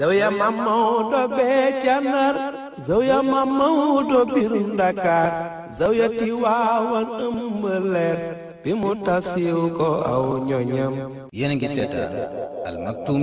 zawya Maam Maodo bee ca Ndar zawya Maam Maodo biir Ndakaar zawya Tiwaawan ëmb leer bi mu tasiw ko aw ñoñam yéen ngi seetaan Al Maktoum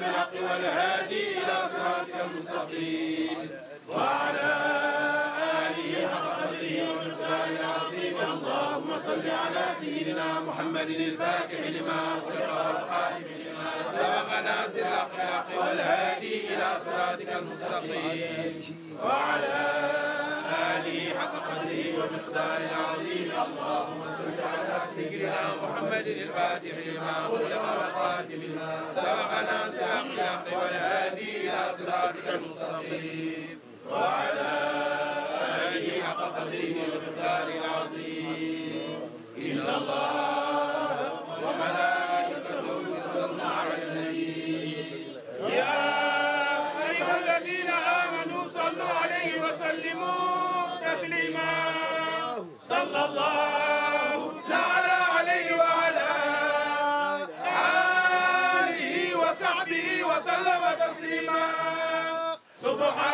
بالحق والهادي إلى صراطك المستقيم وعلى آله حق قدره ومقداره العظيم اللهم صل على سيدنا محمد الفاتح لما سبق نازل الحق بالحق والهادي إلى صراطك المستقيم وعلى آله حق قدره ومقداره العظيم اللهم صل على سيدنا محمد الفاتح لما خلق الخاتم سبق نازل صراطك المستقيم وعلى Muhammad.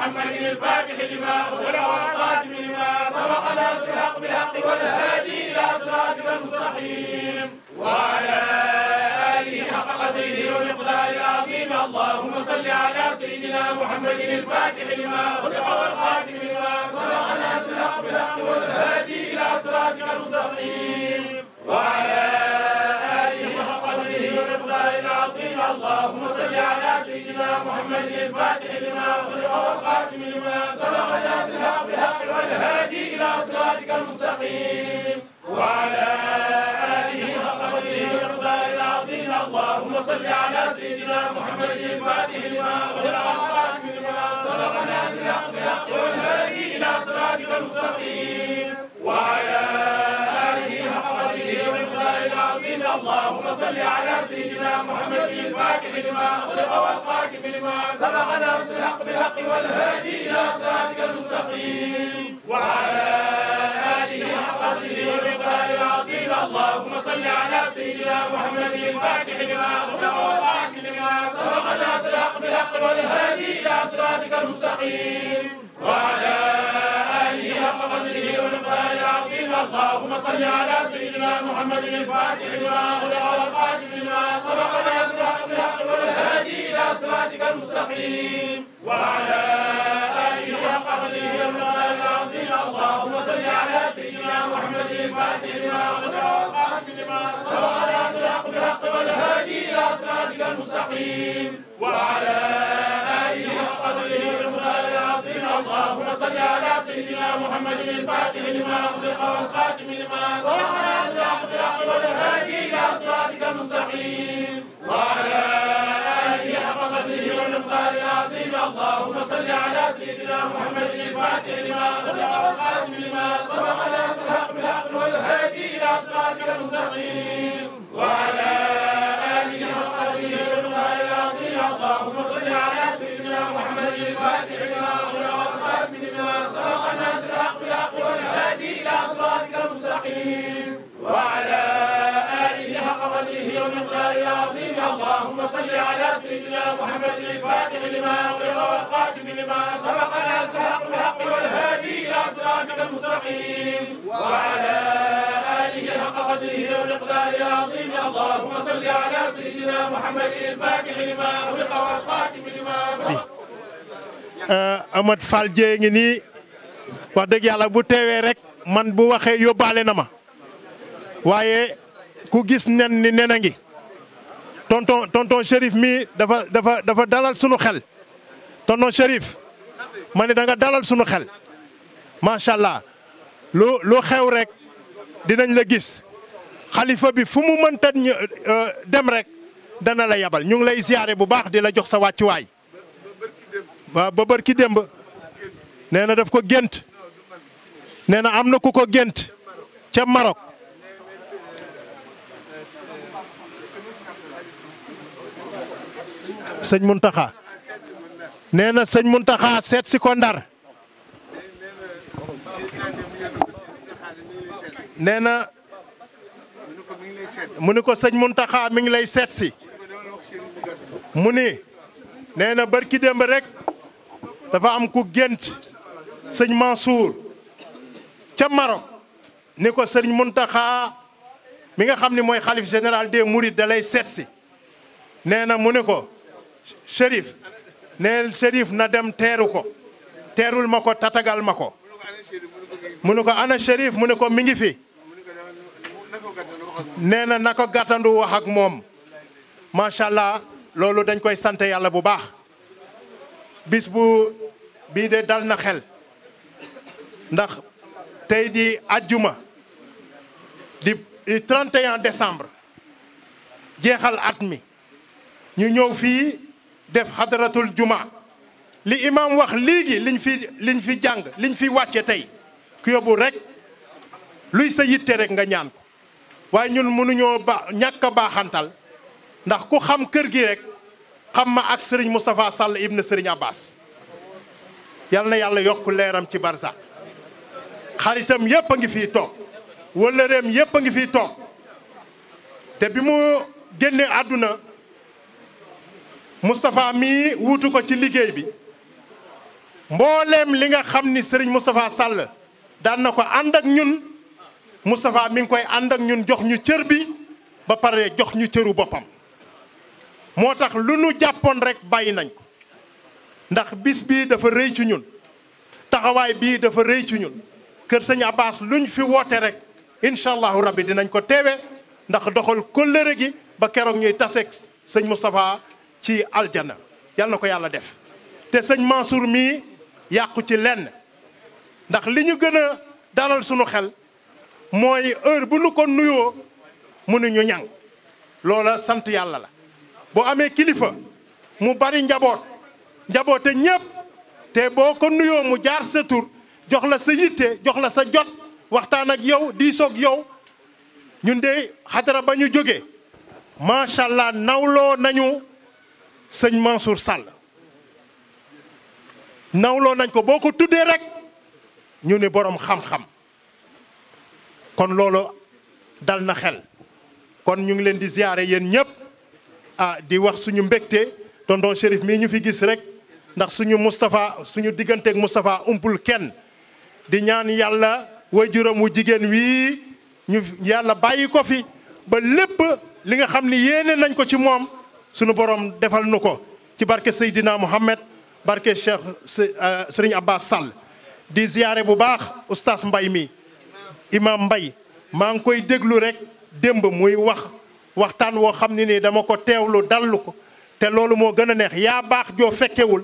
محمد الفاتح لما أغلق والخاتم لما سبق ناصر الحق بالحق والهادي إلى صراط المستقيم وعلى آله حق قدره ومقداره العظيم اللهم صل على سيدنا محمد الفاتح لما أغلق والخاتم لما سبق ناصر الحق بالحق والهادي إلى صراط المستقيم وعلى آله اللهم صل على سيدنا محمد الفاتح والخاتمة والخاتم لما سبق نازل الحق بالحق والهادي إلى صراطك المستقيم وعلى آله وقدره والمقدار العظيم اللهم صل على سيدنا محمد الفاتح لما غلق والخاتم لما سبق نازل الحق والهادي إلى صراطك المستقيم وعلى آله اللهم صل على سيدنا محمد الفاتح لما أغلق والقاك بما سبق ناصر الحق بالحق والهادي إلى صراطك المستقيم وعلى آله حق قدره ومقداره العظيم اللهم صل على سيدنا محمد الفاتح لما أغلق والقاك بما سبق ناصر الحق بالحق والهادي إلى صراطك المستقيم وعلى آله حق قدره ومقداره اللهم صل على سيدنا محمد الفاتح لما أغلق والقادم لما سبق ليسرع بالحق والهادي إلى صراطك المستقيم وعلى آله وصحبه قدره العظيم اللهم صل على سيدنا محمد الفاتح لما أغلق والقادم لما سبق ليسرع بالحق والهادي إلى صراطك المستقيم وعلى اللهم صل على سيدنا محمد الفاتح لما أغلق والخاتم لما صلح على أسرع برحمة والهادي إلى صراطك المستقيم وعلى آله حق قدره والمقدار العظيم اللهم صل على سيدنا محمد الفاتح لما أغلق والخاتم لما صلح على أسرع بالحق والهادي إلى صراطك المستقيم وعلى آله وصلي على سيدنا محمد الفاتح لما أغلق والخاتم لما سبق الأسباق الحق والهادي إلى صراطك المستقيم وعلى آله حق قدره والإقدار العظيم اللهم صل على سيدنا محمد الفاتح لما أغلق والخاتم لما سبق Amad Fall Dieng ngi nii wax dëgg yàlla bu rek man bu ku gis nen ni ngi tonton tonton Chérif mii dafa dafa dafa dalal sunu xel tonton Chérif ma ne da nga dalal sunu xel macha allah lu lu xew rek dinañ la gis xalifa bi fu mu mënta euh, dem rek dana la yabal ñu ngi lay ziyaare bu baax di la jox sa wàccuwaay waaw ba bër ki demb nee na daf ko gént nee na am na ku ko gént ca Maroc sëñ Muntaxa nee na sëñ Muntaxa seet si ko ndar nee na mu ni ko sëñ Muntaxa mi ngi lay seet si mu ni nee na barki démb rek dafa am ku gént sëñ Mansour ca Maroc ni ko sëñ Muntaxa mi nga xam ni mooy xalif général des Mourides da lay seet si nee na mu ni ko Chérif neel Chérif na dem teeru ko teerul ma ko tatagal ma ko mu ne ko ana Chérif mu ne ko mi ngi fi nee na naka ko gàttandu ak moom macha allah loolu dañ koy sant yàlla bu baax bis bu bii de dal na xel ndax tey di ajjuma di 31 décembre jeexal at mi ñu ñëw fii def xadaratul juma li imam wax léegi liñ fi liñ fi jàng liñ fi wàcce tey ku yóbbu rek luy sa yitte rek nga ñaan waaye ñun mënuñoo ba ñàkk a baaxantal ndax ku xam kër gi rek xam ma ak sëriñ Moustapha Sall ibn sëriñ Abbas yal na yàlla yokk leeram ci barzak xaritam yépp a ngi fi toog wëllëreem yépp a ngi fi toog te bi mu génnee àdduna Moustapha mii wuutu ko ci liggéey bi mbooleem li nga xam ni Serigne Moustapha Sall daan na ko ànd ak ñun Moustapha mi ngi koy ànd ak ñun jox ñu cër bi ba pare jox ñu cëru boppam moo tax lu nu jàppoon rek bàyyi nañ ko ndax bis bii dafa rëy ci ñun taxawaay bii dafa rëy ci ñun kër sëñ Abbas luñ fi woote rek incha allahu rabbi dinañ ko teewe ndax doxal kóllëre gi ba keroog ñuy taseeg sëñ Moustapha ci aljana yal na ko yàlla def te sëñ Mansour mii yàqu ci lenn ndax li ñu gën a dalal sunu xel mooy heure bu nu ko nuyoo mënuñu ñang loola sant yàlla la boo amee kilifa mu bari njaboot njaboote ñépp te boo ko nuyoo mu jaar sa tur jox la sa yitte jox la sa jot waxtaan ak yow diisoog yow ñun de xadara ba ñu jóge macha allah nawloo nañu sëñ Mansour Sall nawloo nañ ko boo ko rek ñu ne borom xam-xam kon lolo dal na xel kon ñu ngi leen di ziaré yeen ñëpp ah di wax suñu mbégte tonton Chérif mii ñu fi gis rek ndax suñu mustapha suñu ak mustapha umpul kenn di ñaan yalla waajuram wu jigéen wii ñu yalla bayiko fi ba lepp li nga xamni ni nañ ko ci mom suñu borom defal nu ci barke sayidina Mohamed barke Cheikh euh, Serigne Abbas Sall di ziaré bu baax oustaz Mbay mi imam Mbay ma ng koy déglu rek demb muy wax waxtaan wo xamni ni dama ko teewlu dallu ko té lolu mo gëna neex ya baax joo fekkewul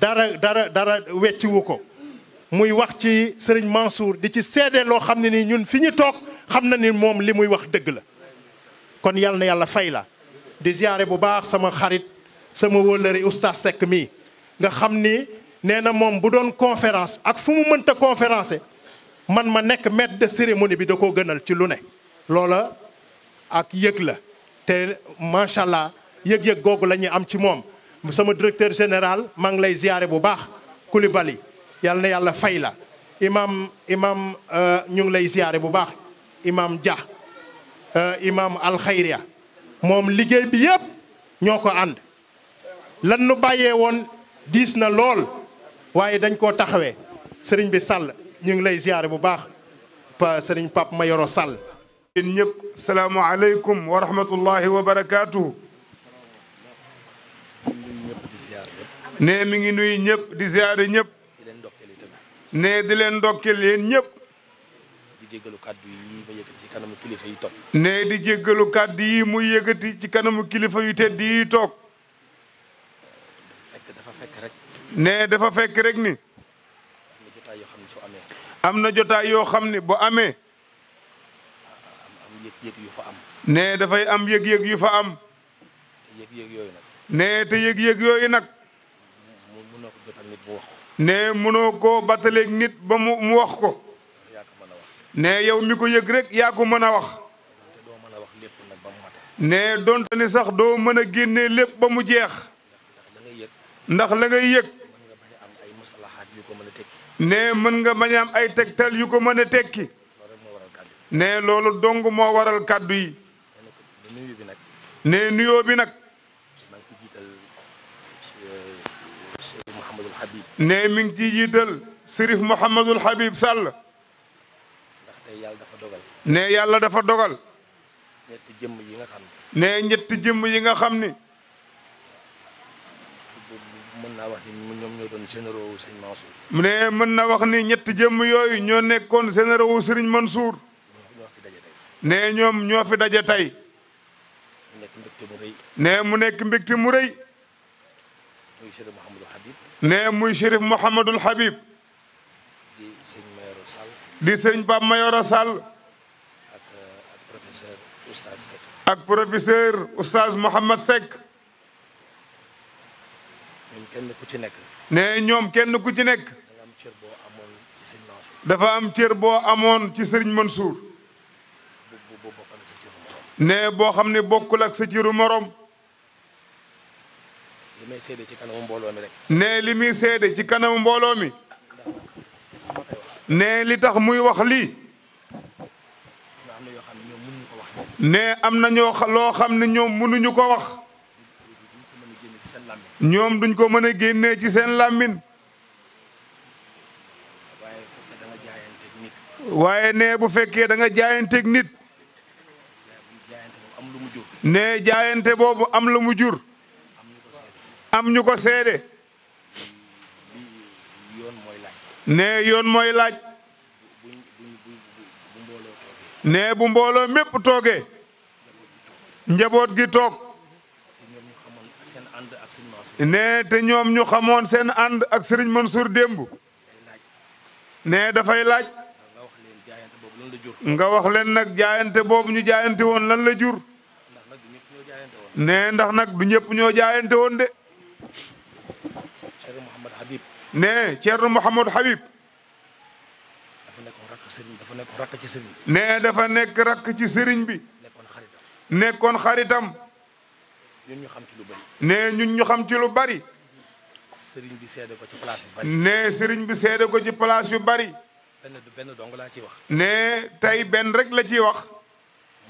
dara dara dara wecciwu wuko muy wax ci serigne Mansour di ci sédé lo xamni ni ñun fiñu tok xamna ni mom li wax dëgg la kon yalla di ziare bu baax sama xarit sama wëllëri oustaz Seck mii nga xam ni nee na moom bu doon conférence ak fu mu mënta conférencé man ma nekk maître de cérémonie bi da koo gënal ci lu ne loola ak yëg la te macha allah yëg-yëg googu la ñuy am ci moom sama directeur général maa ngi lay ziare bu baax Koulibaly yàlla na yàlla fay la imam imam euh, ñu ngi lay ziare bu baax imam Dia euh, imam alxayria moom liggéey bi yépp ñoo ko ànd lan nu bàyyee woon diis na lool waaye dañ koo taxawee sëriñ bi sàll ñu ngi lay ziyaare bu baax pa sëriñ Pape Mayoro Sall yéen ñëpp salaamaaleykum wa rahmatullahi wa barakaatu ne mi ngi nuyu ñëpp di ziyaare ñëpp ne di leen ndokkeel yéen ñëpp di kàddu yi ma kanamu kilifa yi toog. di jéggalu kàddu muy yëkkati ci kanamu kilifa yu tedd yi toog. fekk dafa fekk rek. ne dafa fekk rek ni. am na jotaay yoo xam ne bu amee. am yu fa am. ne dafay am yëg-yëg yu fa am. yëg-yëg yooyu nag. ne te yëg-yëg yooyu nag. munoo ko nit ko. ne nit ba mu mu wax ko. ne yow mi ko yëg rek yaa ko mën a wax. ne donte ni sax doo mën a génnee lépp ba mu jeex. ndax la ngay yëg. ne mën nga bañ am ay tegtal yu ko mën a tekki. ne loolu dong moo waral kàddu yi. ne nuyoo bi nag. ne mi ngi ciy jiital Sërif Mouhamadul Habib Sall. te yàlla dafa dogal. ne yàlla dafa dogal. ñetti jëmm yi nga xam ne. ne ñetti jëmm yi nga xam ni. mën naa wax ni ñoom ñoo doon généraux ne mën na wax ni ñetti jëmm yooyu ñoo nekkoon généraux wu sëriñ Mansour. ne ñoom ñoo fi daje tey. mu nekk mbégte mu rëy. ne mu nekk mbégte mu rëy. muy Chérif Mouhamadul Habib. ne muy Chérif Mouhamadul Habib. di sëriñ Pape mayor Sall. ak professeur Oustaz Seck. ak professeur Oustaz Mouhamad Seck. ñoom kenn ku ci nekk. ne ñoom kenn ku ci nekk. dafa am cër boo amoon ci sëriñ Mansour. dafa am cër boo amoon ci sëriñ Mansour. ne boo xam ne bokkul ak sa ciru morom. li may seede ci kanamu mbooloo mi rek. ne li muy seede ci kanamu mbooloo mi. ne li tax muy wax lii ne am na loo xam ne ñoom mënuñu ko wax ñoom duñ ko mën a génnee ci seen làmmin waaye ne bu fekkee da nga jaayanteeg nit ne jaayante boobu am la mu jur am ñu ko seede nee yoon mooy laaj. nee bu mbooloo mépp toogee. njaboot gi toog. nee te ñoom ñu xamoon seen ànd ak Serigne Mansour démb. nee dafay laaj. nga wax leen nag jaayante boobu ñu jaayante woon lan la jur. nee ndax nag du ñëpp ñoo jaayante woon de. ne Thierno Mouhamadou Habib. dafa nekk rakk dafa nekk rakk ci sëriñ. ne dafa nekk rakk ci sëriñ bi. nekkoon xaritam. nekkoon xaritam. ñun ñu xam ci lu bari. ne ñun ñu xam ci lu bari. sëriñ bi seede ko ci place yu bari. ne sëriñ bi seede ko ci place yu bari. benn benn dong laa ciy wax. ne tey benn rek la ciy wax.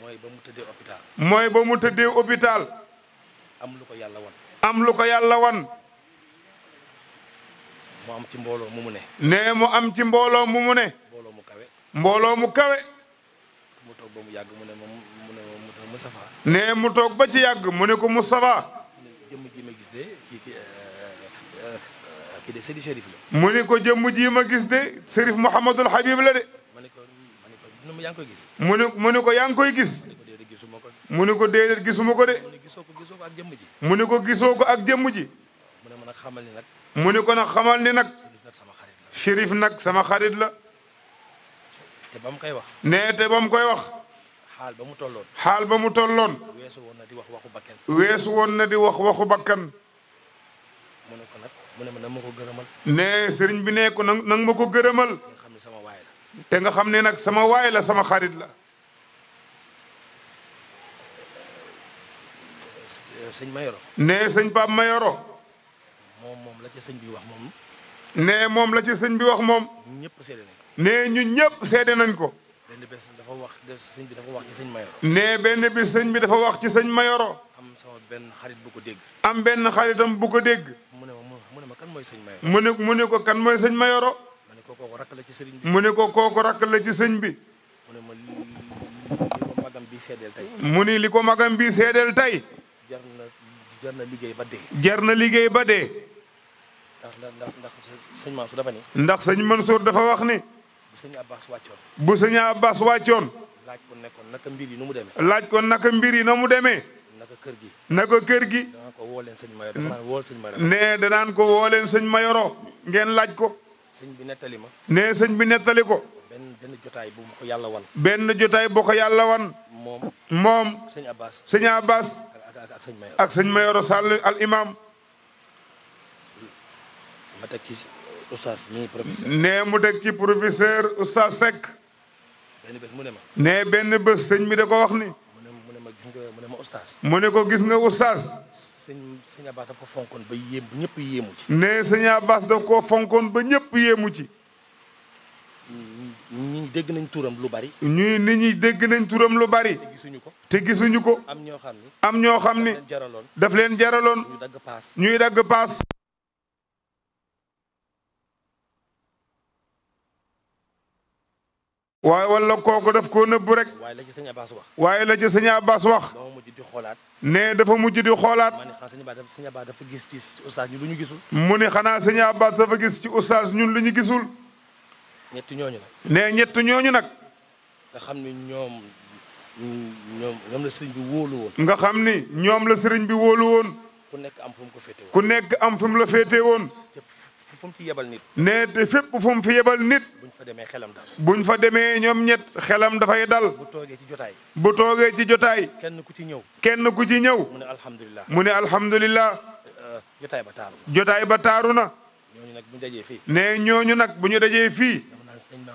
mooy ba mu tëddee hôpital. mooy ba mu tëddee hôpital. am lu ko yàlla wan. am lu ko yàlla wan. mu am ci mbooloo mu mu ne. nee mu am ci mbooloo mu mu ne. mbooloo mu kawe. mbooloo mu kawe. mu toog ba mu yàgg mu ne ma mu ne ma Moustapha. nee mu toog ba ci yàgg mu ne ko Moustapha. jëmm ji ma gis de kii kii euh, euh, de Serigne Cherif mu ne ko jëmm ji ma gis de Serif Mouhamadul Habib la de. mu ne ko mu ne yaa ngi koy gis. mu ne mu ne ko yaa ngi koy gis. mu ne ko déedéet gisuma ko de. mu ne ko gisoo ko gisoo ko ak jëmm ji. mu ne ko gisoo ko ak jëmm ji. mu ne ma nag xamal mu ni ko nag xamal ni nag shérif nag sama xarit la te ba koy wax nee te ba koy wax xaal ba mu tolloon xaal ba mu tolloon weesu woon na di wax waxu bakkan weesu woon na di wax waxu bakkan mu ne nag mu ne ma nang ma ko gërëmal nee sëriñ bi nee ko nang ma ko gërëmal te nga xam ne sama waay la nga xam ne nag sama waay la sama xarit la sëñ Mayoro nee sëñ Pape Mayoro la sëñ bi wax moom. nee moom la ci sëñ bi wax moom. ñëpp seede nañ ko. nee ñëpp seede nañ ko. benn bés dafa wax sëñ bi dafa wax sëñ Mayoro. nee benn bés sëñ bi dafa wax ci sëñ Mayoro. am sama benn xarit bu ko dégg. am benn xaritam bu ko dégg. mu ne mu ne ma kan mooy sëñ Mayoro. mu ne mu ne ko kan mooy sëñ Mayoro. mu ne ko kooku rakk la ci sëriñ mu ne ko kooku rakk la ci sëñ bi. mu ne li ko magam bi seedeel tey. mu ne li ko magam bi seedeel tey. jar na jar na liggéey ba dee. jar na liggéey ba dee. ndax ndax ndax sëñ Mansour dafa ni. ndax sëñ Mansour dafa wax ni. bu sëñ Abbas wàccoon. bu sëñ Abbas wàccoon. laaj ko nekkoon naka mbir yi nu mu demee. laaj ko naka mbir yi na mu demee. naka kër gi. naka kër gi. ko woo leen sëñ Mayoro danaan woo sëñ Mayoro. nee danaan ko woo leen sëñ Mayoro ngeen laaj ko. sëñ bi nettali ma. nee sëñ bi nettali ko. benn benn jotaay bu ko yàlla wan. benn jotaay bu ko yàlla wan. moom moom. sëñ Abbas. sëñ Abbas. ak sëñ Mayoro. ak al imam ma teg ci oustaz mii nee mu deg ci professeur oustaz Seck. benn bés mu ne ma. nee benn bés sëñ mi da ko wax ni. gis mu ne ma oustaz. mu ne ko gis nga oustaz. sëñ sëñ Abbas daf ko fonkoon ba yéem ba ñëpp yéemu ci. nee sëñ Abbas daf ko fonkoon ba ñëpp yéemu ci. ñi dégg nañ turam lu bari. dégg nañ turam lu bari. te gisuñu ko. te gisuñu ko. am ñoo xam ni. ñoo xam ni. daf leen jaraloon. ñuy dagg paas. waaye wala kooku def koo nëbbu rek. waaye la ci sëñ Abbas wax. waaye la ci sëñ wax. dafa mujj di xoolaat. ne dafa mujj di xoolaat. mu ne xanaa sëñ Abbas dafa gis ci oustaz ñun lu ñu gisul. mu ne xanaa sëñ Abbas dafa gis ci oustaz ñun lu ñu gisul. ñett ñooñu nag. ne ñett ñooñu nag. nga xam ni ñoom ñoom ñoom la sëriñ bi wóolu woon. nga xam ni ñoom la sëriñ bi wóolu woon. ku nekk am fu ko féete woon. ku nekk am la féete woon. fu yebal nit. nee te fépp fu mu fi yebal nit. buñ fa demee xelam dal. buñ fa demee ñoom ñett xelam dafay dal. bu toogee ci jotaay. bu toogee ci jotaay. kenn ku ci ñëw. kenn ku ci ñëw. mu ne alhamdulilah. mu ne alhamdulilah. Euh, jotaay ba taaru. jotaay ba taaru na. ñooñu nag bu dajee fii. nee ñooñu nag bu ñu dajee fii.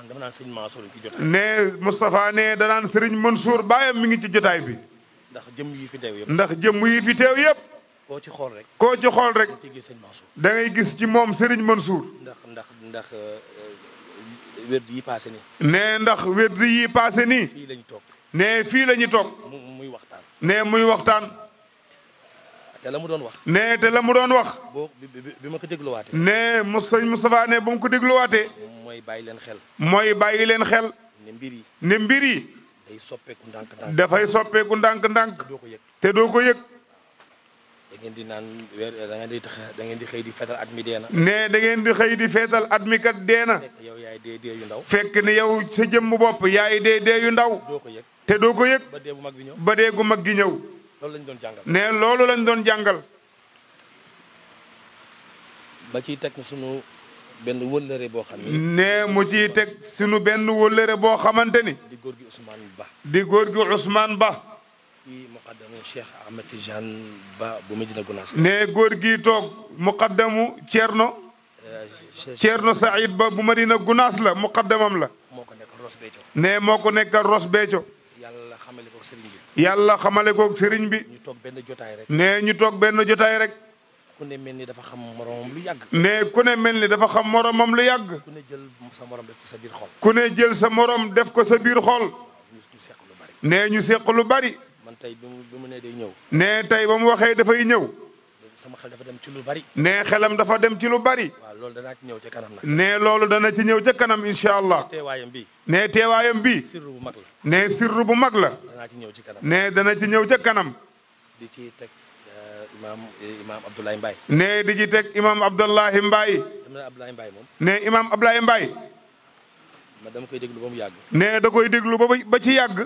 dama naan sëñ Mansour ci jotaay. nee Moustapha nee danaan Serigne Mansour baayam mi ngi ci jotaay bi. ndax jëm yi fi teew ndax jëm yi fi teew yëpp. koo ci xool rek. koo ci xool rek. da ngay gis ci moom Serigne Mansour. ndax ndax ndax euh, werd yi paase nii. ne ndax werd yi paase nii. fii la toog. ne fii la ñu toog. muy waxtaan. ne muy waxtaan. te la mu doon wax. ne te la mu doon wax. boo bi ma ko dégluwaatee. nee mu sëñ Moustapha ne ba mu ko dégluwaatee. mooy bàyyi leen xel. mooy bàyyi leen xel. ne mbir yi. ne mbir yi. day soppeeku ndànk-ndànk. dafay soppeeku ndànk-ndànk. doo ko yëg. te doo ko yëg. da di naan weer da ngeen di da ngeen at mi dee na. ne dangeen ngeen di xëy di feetal at mi kat dee na. fekk yow yaay dee dee yu ndaw. fekk ne yow sa jëmm bopp yaay dee dee yu ndaw. doo ko yëg te doo ko yëg. ba dee gu mag gi ñëw ba dee gu mag gi ñëw. loolu lañ doon jàngal. ne loolu lañ doon jàngal. ba ciy teg sunu benn wëllëre boo xam ne. ne mu ciy teg sunu benn wëllëre boo xamante ni. di góor gi Ousmane Ba. di góor gi Ba. kii muqaddamu Cheikh Ahmed Tidiane Ba bu Medina Gounass. ne góor gii toog muqaddamu Thierno. Euh, Thierno Saïd Ba bu Medina Gounass la muqaddamam la. moo ko nekkal Ross Béthio. ne moo ko nekkal Ross Béthio. yàlla xamale ko sëriñ bi. yàlla xamale ko sëriñ bi. ñu toog benn jotaay rek. ne ñu toog benn jotaay rek. ku ne mel ni dafa xam moromam lu yàgg. ne ku ne mel ni dafa xam moromam lu yàgg. ku jël sa morom def ko sa biir xol. ku ne jël sa morom def ko sa biir xol. ñu seq lu bari. man tey bi mu bi mu nee day ñëw. nee tey ba mu waxee dafay ñëw. dem ci lu bari. nee xelam dafa dem ci lu bari. waaw loolu danaa ci ñëw ca kanam nag. nee loolu dana ci ñëw ca kanam incha allah. teewaayam bi. nee teewaayam bi. sirru bu mag la. nee sirru bu mag la. danaa ci ñëw ci kanam. nee dana ci ñëw ca kanam. di ci teg eh, imaam eh, imaam Abdoulaye Mbaye. nee di ci teg imaam Abdoulaye Mbaye. nee imaam Abdoulaye Mbaye. ma dama koy déglu ba mu yàgg. nee da koy déglu ba ci yàgg.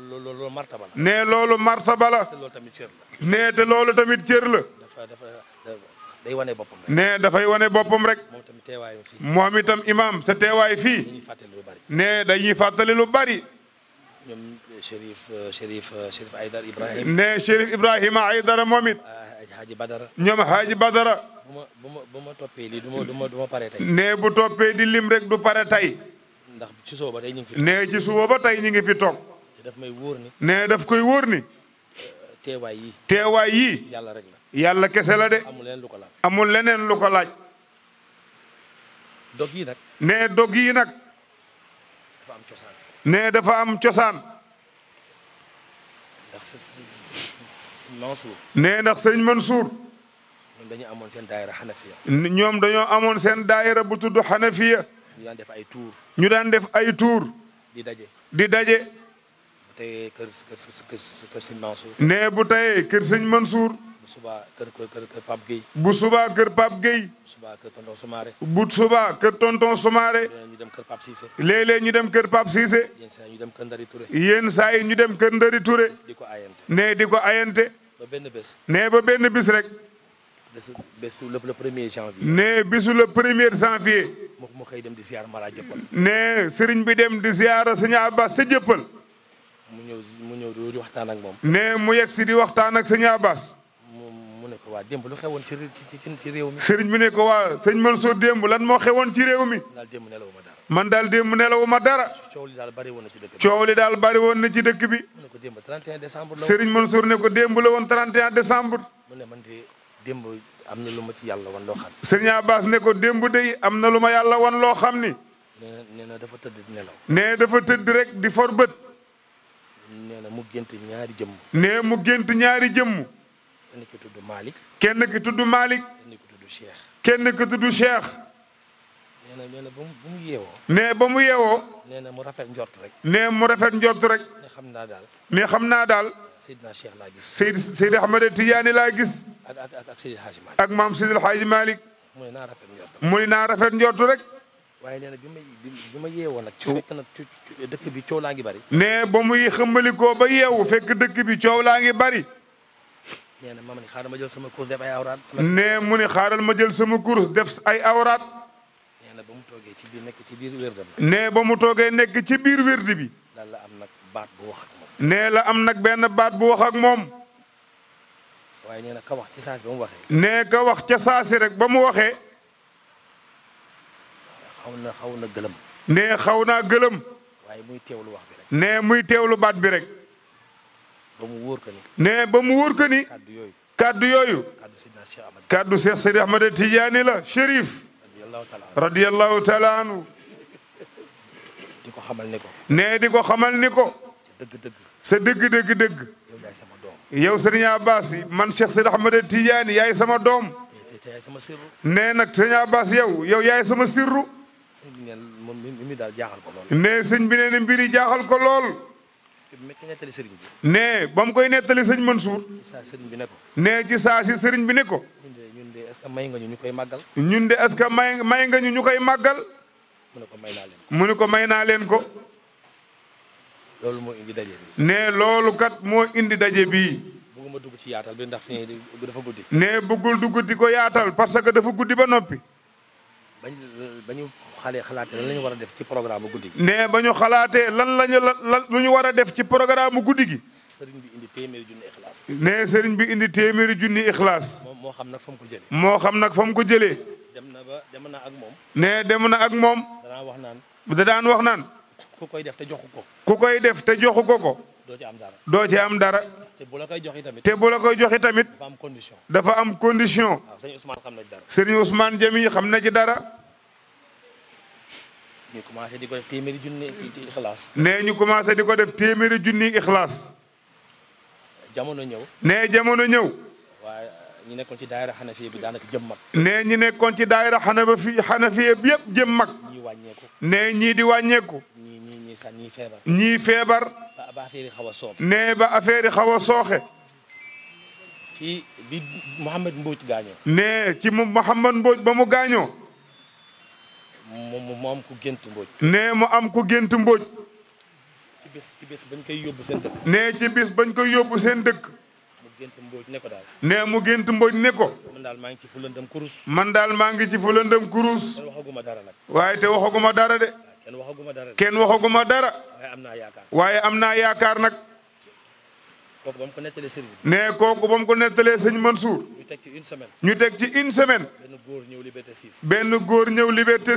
loolu martaba la. nee loolu martaba la. te tamit cër la. nee te loolu tamit cër la. dafa dafa wane boppam rek. nee dafay wane boppam rek. moom itam teewaayam moom itam imaam sa teewaay fii. dañuy fàttali lu bari. nee dañuy fàttali lu bari. ñoom eh, Chérif eh, Chérif eh, Chérif Aydara Ibrahima. nee Chérif Ibrahima Aydara moom it. Ah, Haji Badara. ñoom Haji Badara. bu ma bu toppee lii du ma ma du ma pare tey. nee bu toppee di lim rek du pare tey. ndax ci suba ba tey ñu nee ci suba ba tey ñu fi toog. daf may wóor ni. nee daf koy wóor ni. teewaay yi. teewaay yi. yàlla rek la. yàlla kese la de. amul leneen lu ko laaj. amul leneen lu ko laaj. dog yi nag. nee dog yii nag. am cosaan. nee dafa am cosaan. ndax sëñ Mansour. nee ndax sëñ Mansour. ñoom dañoo amoon seen daayira xanafiya. ñoom dañoo amoon seen daayira bu tudd xanafiya. ñu daan def ay tuur. ñu daan def ay tuur. di daje. teyee kër kër kër sëñ Mansour. nee bu teyee kër sëñ Mansour. bu subaa kër kër kër bu subaa kër tonton Soumaré. bu subaa ñu dem kër Pape Cissé. léeg-léeg ñu dem kër Pape Cissé. ñu dem kër Ndari Touré. yéen saa yi di ko ayante. nee di ko ayante. ba benn bés. nee ba benn bis rek. bésu bésu le le premier janvier. nee bésu le premier janvier. mu mu xëy di ziar Mara nee sëriñ bi dem di ziar Sëñ Abbas ca Jëppal. mu ñëw mu ñëw di waxtaan ak moom. ne mu yegg si di waxtaan ak sëñ Abbas. mu ne ko waa démb lu xewoon ci ci réew mi. sëriñ bi ne ko waa sëñ Mansour démb lan moo xewoon ci réew mi. dara. man dara. bari ci dëkk bi. bari na ci dëkk bi. mu ne ko démb 31 décembre ne ko 31 décembre. mu ne man de ci xam. Abbas ne ko de na dafa di nelaw. dafa rek di nee na mu gént ñaari jëmm. nee mu gént ñaari jëmm. kenn ki tudd Malick. kenn ki tudd Malick. kenn ki tudd Cheikh. kenn ki tudd Cheikh. nee na nee ba mu ba mu nee ba mu yeewoo. nee na mu rafet njort rek. nee mu rafet njort rek. xam naa daal. nee xam naa daal. Seydina Cheikh laa gis. Seydi Seydi Ahmed laa gis. ak ak ak Seydi Hadji Malick. maam Seydi Hadji Malick. mu naa rafet njort rek. waaye nee na bi ma ma yeewoo nag. ci fekk dëkk bi coow laa ngi bari. ne ba muy xëmbalikoo ba yeewu fekk dëkk bi coow laa ngi bari. nee na ma ne xaaral ma jël sama course def ay awraat. ne mu ne xaaral ma jël sama course def ay awraat. nee na ba mu toogee ci biir nekk ci biir wérd bi. ne ba mu toogee nekk ci biir wérd bi. la la am nag baat bu wax ak la am nag benn baat bu wax ak moom. waaye nee na ka wax ca ka wax ca saasi rek ba mu waxee. xaw na xaw na gëlëm. nee xaw naa gëlëm. waaye muy teewlu wax nee muy teewlu baat bi rek. mu wóor ko ni. nee ba mu wóor ko ni. kaddu yooyu. kaddu yooyu. kaddu Cheikh Sidi Ahmed Tidiane la Chérif. radiyallahu taala anhu. di ko xamal ni ko. nee di ko xamal ni ko. sa dëgg-dëgg. sa yaay sama doom. yow sëriñ Abbas man Cheikh Sidi Ahmed Tidiane yaay doom. nee sirru. moom daal jaaxal ko lool. nee sëñ bi nee na mbir yi ko lool. mais ki nettali sëriñ bi. nee ba mu koy nettali sëñ Mansour. ci saa sëriñ bi ne ko. nee ci saa si sëriñ bi ne ko. ñun de est ce que may nga ñu ñu koy màggal. ñun de est ce que may nga ñu ñu koy màggal. mu ne ko may naa leen ko. mu ne ko may naa leen ko. loolu moo indi daje bi. nee loolu kat moo indi daje bi. bëgguma dugg ci yaatal bi ndax fii dafa guddi. nee bëggul dugg ko yaatal parce que dafa guddi ba noppi. xale xalaatee lan la ñu war a def ci programme guddi gi. ne ñu xalaatee lan la ñu lan lu ñu war a def ci programme guddi gi. sëriñ bi indi téeméeri junni ixlaas. ne sëriñ bi indi téeméeri junni ixlaas. moom moo xam nag fa mu ko jëlee. moo xam nag fa ko jëlee. dem na ba dem na ak moom. ne dem na ak moom. danaa wax naan. da daan wax naan. ku koy def te joxu ko. ku koy def te joxu ko ko. doo ci am dara doo ci am dara. te bu la koy joxi tamit. te la koy joxi tamit. dafa am condition. dafa am condition. waaw sëriñ Ousmane xam na ci dara. sëriñ Ousmane Jami xam na ci dara. ñu commencé di ko def téeméeri junni ixlaas. nee ñu commencé di ko def téeméeri junni ixlaas. jamono ñëw. nee jamono ñëw. waaye euh, ñu nekkoon ci daayira xanafiya bi daanaka jëm mag. nee ñu nekkoon ci daayira xanafiya bi yëpp jëm mag. ñii wàññeeku. nee ñii di wàññeeku. ñii ñii feebar. ñii feebar. ba xaw a sooxe. nee ba affaire yi xaw a sooxe. ci bi Mouhamed Mbodj gaañoo. nee ci mu Mouhamed Mbodj ba mu gaañoo. mu am ku gént mbóoj. nee mu am ku gént mbóoj. bis ci bis bañ koy yóbbu seen dëkk. nee ci bis bañ koy yóbbu seen dëkk. mu gént mbóoj ne ko daal. nee mu gént mbóoj ne ko. man daal maa ngi ci fu lëndëm kurus. man daal maa ngi ci fu lëndëm kurus. man dara nag. waaye te waxaguma dara de. kenn waxaguma dara de. kenn waxaguma dara. waaye am naa yaakaar. waaye am naa yaakaar nag. kooku ba nee kooku ba mu ko nettalee sëñ Mansour. teg ci semaine. ñu teg ci une semaine. benn góor ñëw Liberté 6. benn góor ñëw Liberté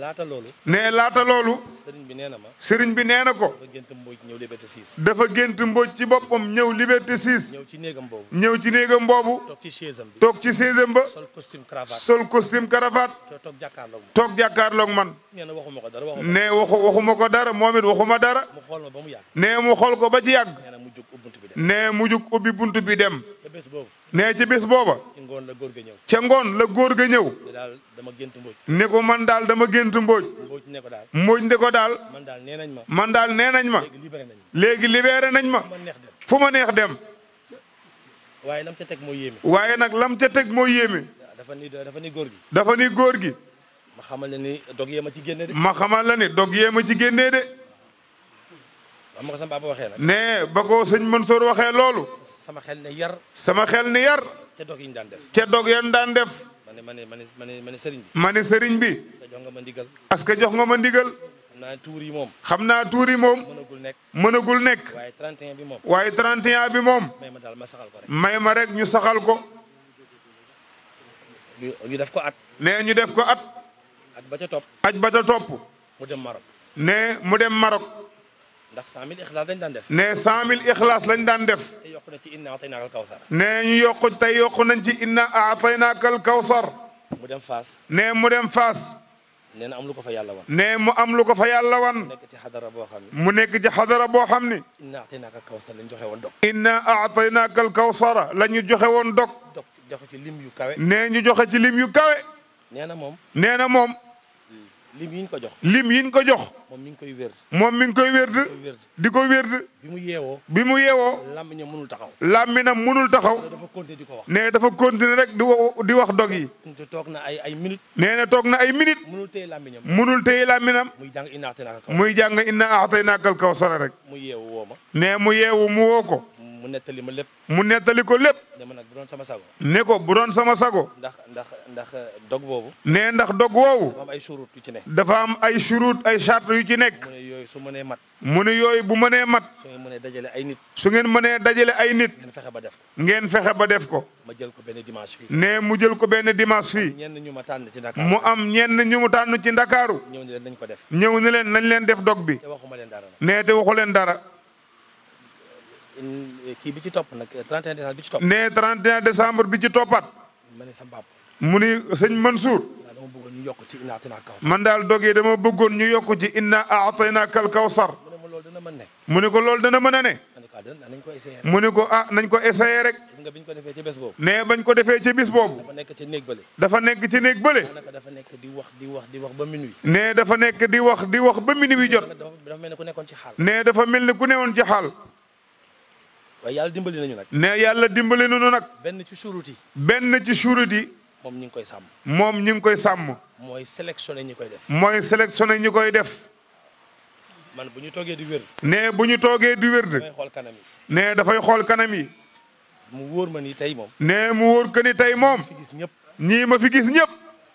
laata loolu. ne laata loolu. bi nee na ma. sëriñ bi nee na ko. dafa gént Mbodj ñëw Liberté 6. dafa gént Mbodj ci boppam ñëw Liberté 6. ñëw ci néegam boobu. ñëw ci néegam boobu. toog ci chaise bi toog ci chaise am ba. sol costume cravate sol costume cravate. toog jàkkaarloog man toog jàkkaarloog man. nee na waxuma ko dara waxuma ko dara. waxuma ko dara moom waxuma dara. mu xool ma ba mu yàgg. nee mu xool ko ba ci yàgg. nee mu jug ubbi buntu bi dem. ca bés boobu nee ci bés booba. ca ngoon la góor ga ñëw. ca ngoon la góor ga ñëw. daal dama gént mbooj. ne ko man daal dama gént mbooj. mbooj ne ko daal. mbooj ne ko daal. man daal nee nañ ma. man daal nee nañ ma. léegi libéré nañ ma. léegi libéré nañ ma. fu ma neex dem. waaye lam teg moo yéeme. waaye nag lam ca teg moo yéeme. dafa ni dafa ni góor gi. dafa ni góor gi. ma xamal la ni dog yee ma ci génnee ma xamal la ni dog yee ma ci génnee de. Neh ko sama papa Mansour waxee loolu. sama xel ne yar. sama xel ni yar. ca dog yi ñu def. ca dog yan daan def. bi. ma ne bi. est jox nga ma ndigal. est-ce que jox yi 31 bi 31 bi ma saxal ko rek. rek ñu saxal ko. ñu def ko at. ne ñu def ko at. at ba ca at ba ca mu dem Maroc. ne mu dem Maroc. ndax 100000 ixlaas lañ daan def. nee 100000 ixlaas lañ daan def. te yokk na ci inna ataynaakal kawsar. nee ñu yokk tey yokk nañ ci inna ataynaakal kawsar. mu dem Faas. nee mu dem Faas. nee na am lu ko fa yàlla wan. nee mu am lu ko fa yàlla wan. mu nekk ci xadara boo xam ne. mu nekk ci xadara boo xam ne. inna ataynaakal kawsar lañ joxe woon dog. inna ataynaakal kawsara la ñu joxe woon dog. dog joxe ci lim yu kawe. nee ñu joxe ci lim yu kawe. nee na moom. nee na moom. lim yi ñu ko jox. lim yi ñu ko jox. moom mi ngi koy wér. moom mi ngi koy wér. di ko wér. bi mu yeewoo. bi mu yeewoo. làmmiñam mënul taxaw. làmmiñam mënul taxaw. dafa continuer di ko wax. nee dafa continuer rek di di wax dog yi. toog na ay ay minutes. nee na toog na ay minit mënul téye làmmiñam. mënul téye làmmiñam. muy jàng inna a'taynaaka al-kawsar. muy jàng inna a'taynaaka al-kawsar rek. mu yeewu woo ma. nee mu yeewu mu woo ko. mu nettali ma lépp. mu nettali ko lépp. ne ma sama sago. ne ko bu doon sama sago. ndax ndax ndax eh, dog boobu. ne ndax dog woowu. dafa am ay surut yu ci nekk. dafa am ay surut ay charte yu ci nekk. mu ne yooyu su mënee mat. mu ne yooyu bu mënee mat. su ngeen mënee dajale ay nit. su ngeen mënee dajale ay nit. fexe ba def ko. ngeen fexe ba def ko. ma jël ko benn dimanche fii. ne mu jël ko benn dimanche fii. ñenn ñu ma tànn ci Ndakaaru. mu am ñenn ñu mu tànn ci Ndakaaru. ñëw ni leen nañ ko def. ñëw leen nañ leen def dog bi. te leen dara. ne te waxu leen dara. kii 31 décembre bi ci topp. nee 31 décembre bi ci sa papa. mu Mansour. inna a'taynaa man daal doge dama bëggoon ñu yokk ci inna kal kawsar. mu ne ko loolu dana a ne. Ah, ko ah nañ ko essayer rek. ko nee bañ ko defee ci bis dafa nekk ci néeg bële. dafa ci dafa nee dafa nekk di wax di wax ba minuit jot. dafa nee dafa mel ni ku newoon ci waaye yàlla dimbali nañu nag. ne yàlla dimbali nañu nag. benn ci surut yi. benn ci surut yi. moom ñu ngi koy sàmm. moom ñu ngi koy sàmm. mooy sélectionné ñi koy def. mooy sélectionné ñi koy def. man bu ñu toogee di wér. ne bu ñu toogee di wér. dafay xool kanam yi. ne dafay xool kanam yi. mu wóor ma ni tey moom. ne mu wóor que ni tey moom. ñii ma fi gis ñëpp.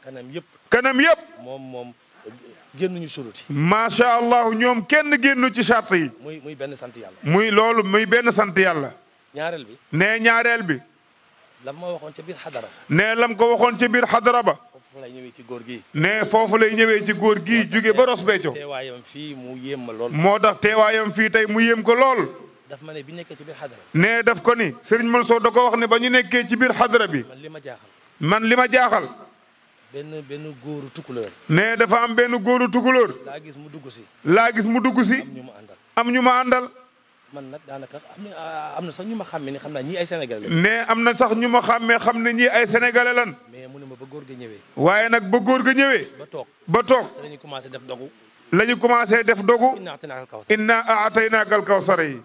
kanam yëpp. kanam yëpp. moom moom. génnuñu suruti. macha allah ñoom kenn génnu ci sart yi. muy muy benn sant muy loolu muy benn sant yàlla. ñaareel bi. nee ñaareel bi. lam ma waxoon ca biir xadara. nee lam ko waxoon ca biir xadara ba. foofu ñëwee ci góor gi. nee foofu lay ñëwee ci góor gi jóge ba Ross Béthio. teewaayam fii mu yéem ma lool. moo tax teewaayam fii tey mu yéem ko lool. daf ma ne bi nekkee ci biir xadara. nee def ko ni Serigne Mansour da ko wax ne ba ñu nekkee ci biir xadara bi. man li ma jaaxal. man jaaxal. benn benn góoru tukulóor. nee dafa am benn góoru tukulóor. laa gis mu dugg si. laa gis mu dugg si. am ñu ma àndal am ñu ma àndal. man nag daanaka am na ah, sax ñu ma xàmmee ne xam naa ñii ay sénégalais lan. am na sax ñu ma xàmmee xam ne ñi ay sénégalais lan. mais mu ne ma ba góor ga ñëwee. waaye nag ba góor ga ñëwee. ba toog ba toog. la commencé def dogu. la ñu commencé def dogu. inna aataynaaka alkawsara yi.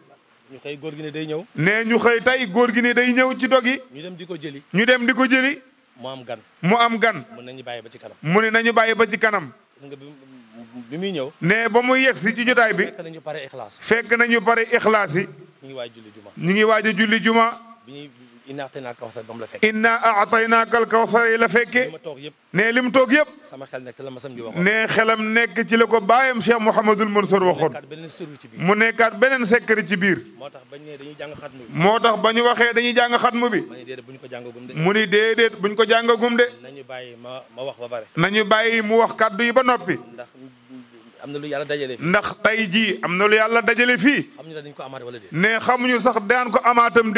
ñu góor gi ne day ñëw. nee ñu xëy tey góor gi ne day ñëw ci dog yi. ñu dem di ko jëli. ñu dem di ko jëli. mu am gan. mu am gan. mu ne nañu bàyyi ba ci kanam. mu ne nañu bàyyi ba ci kanam. gis nga bi muy ñëw. ne ba muy yegg si ci jotaay bi. fekk nañu pare ixlaas. fekk nañu pare ixlaas yi. ñu ngi waaj julli juma. ñu waaj a julli juma. إنا أعطيناك الكوثر إلى فك إنا أعطيناك الكوثر إلى فك نك تي لوكو بايام شيخ محمد المنصور وخون مو نيكات بنن سكر تي بير موتاخ با ني واخه داني جانغ خاتمو بي موني ديدت بون كو جانغ غوم دي ناني باي ما واخ با بار ناني باي مو واخ كادو يبا نوبي ndax tay ji amna lu yalla dajale fi xamni dañ ko amate wala de ne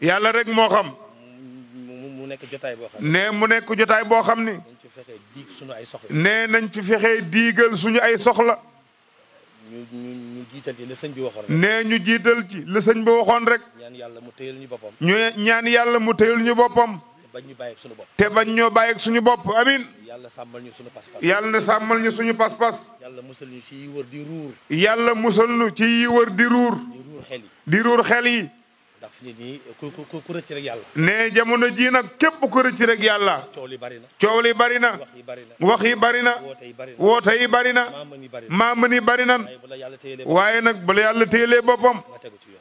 yàlla rek moo xam. mu nekk jotaay boo xam mu nekk jotaay boo xam ni. nañ ci fexee diig suñu ay soxla. nee nañ ci fexee diigal suñu ay soxla. ñu ñu ñu sëñ bi waxoon rek. nee ñu jiital ci la sëñ bi waxoon rek. ñaan yàlla mu téyal ñu boppam. ñu ñaan yàlla mu téyal ñu boppam. te bañ ñu bàyyi suñu bopp. te bañ ñoo bàyyi ak suñu bopp amin yàlla sàmmal ñu suñu pas-pas. yàlla sàmmal ñu suñu pas-pas. yàlla musal ñu ci yi wër di ruur. yàlla musal ñu ci yi wër ruur. di di ruur xel yi. ku rëcc rek yàlla. ne jamono ji nag képp ku rëcc rek yàlla. coow li bari na coow li bari na. wax yi bari na woote yi bari na. maam yi bari na waaye nag bala yàlla téyelee boppam.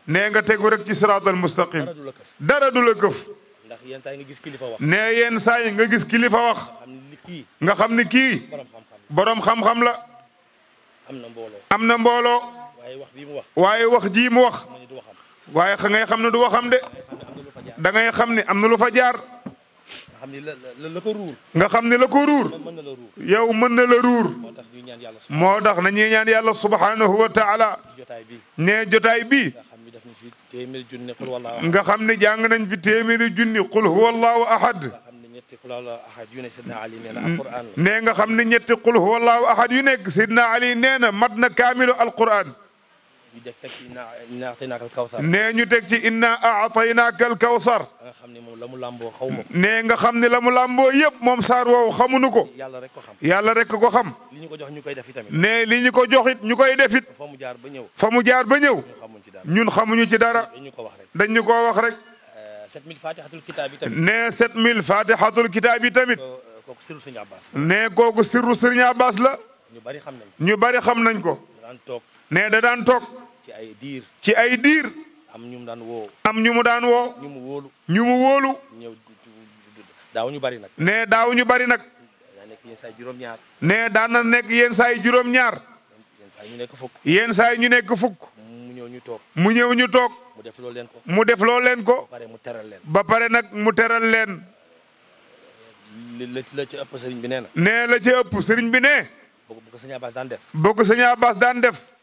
ne nga tegu rek ci siraatal mustaqim dara du la këf. ndax yenn saa yi nga gis kilifa wax. ne yenn saa yi nga gis kilifa wax. nga xam ni kii. borom xam-xam la. am na mbooloo. am na mbooloo. waaye wax ji mu wax. waaye xa ngay xam ne du waxam de da ngay xam ne am na lu fa jaar nga xam ni la ko ruur nga xam ni la ko ruur yow mën na la ruur moo tax na ñuy ñaan yàlla subhanahu wa taala ne jotaay bii nga xam ne jàng nañ fi téeméeri junni qul huwa allahu ahad ne nga xam ne ñetti qul huwa allahu ahad yu nekk sidna ali nee na mat na kaamilu alquran ñu teg teg ci nee ñu teg ci inna a'taynaaka al-kawsar. nga la mu làmboo xaw ma nee nga xam ne la mu làmboo yëpp moom saar woowu xamuñu ko. yàlla rek ko xam yàlla rek ko xam. li ñu ko jox ñu koy def itamit. nee li ñu ko jox it ñu koy def it. fa mu jaar ba ñëw. fa mu jaar ba ñëw. ñun xamuñu ci dara. dañ ñu ko wax rek dañ ñu ko wax rek. 7000 eh, faatihatul kitaab yi tamit. nee 7000 faatihatul kitaab yi tamit. Eh, kooku sirru Sëriñ Abbas. nee kooku sirru Sëriñ Abbas la. ñu bari xam nañ ko. ñu bari xam nañ ko. nee da daan toog. ci ay diir. ci ay diir. am ñu mu daan woo. am ñu mu daan woo. ñu mu wóolu. ñu mu wóolu. ñëw daaw ñu bari nag. nee daaw ñu bari nag. daa nekk yenn saa yi juróom daan na nekk yenn saa yi juróom-ñaar. yenn ñu nekk fukk. yenn saa yi ñu nekk fukk. mu ñëw ñu toog. mu ñëw ñu toog. mu def loo leen ko. mu def loo leen ko. ba mu teral leen. ba pare nag mu teral leen. la ci ëpp sëriñ bi nee na. la ci ëpp sëriñ bi nee. boo ko sëñ daan def.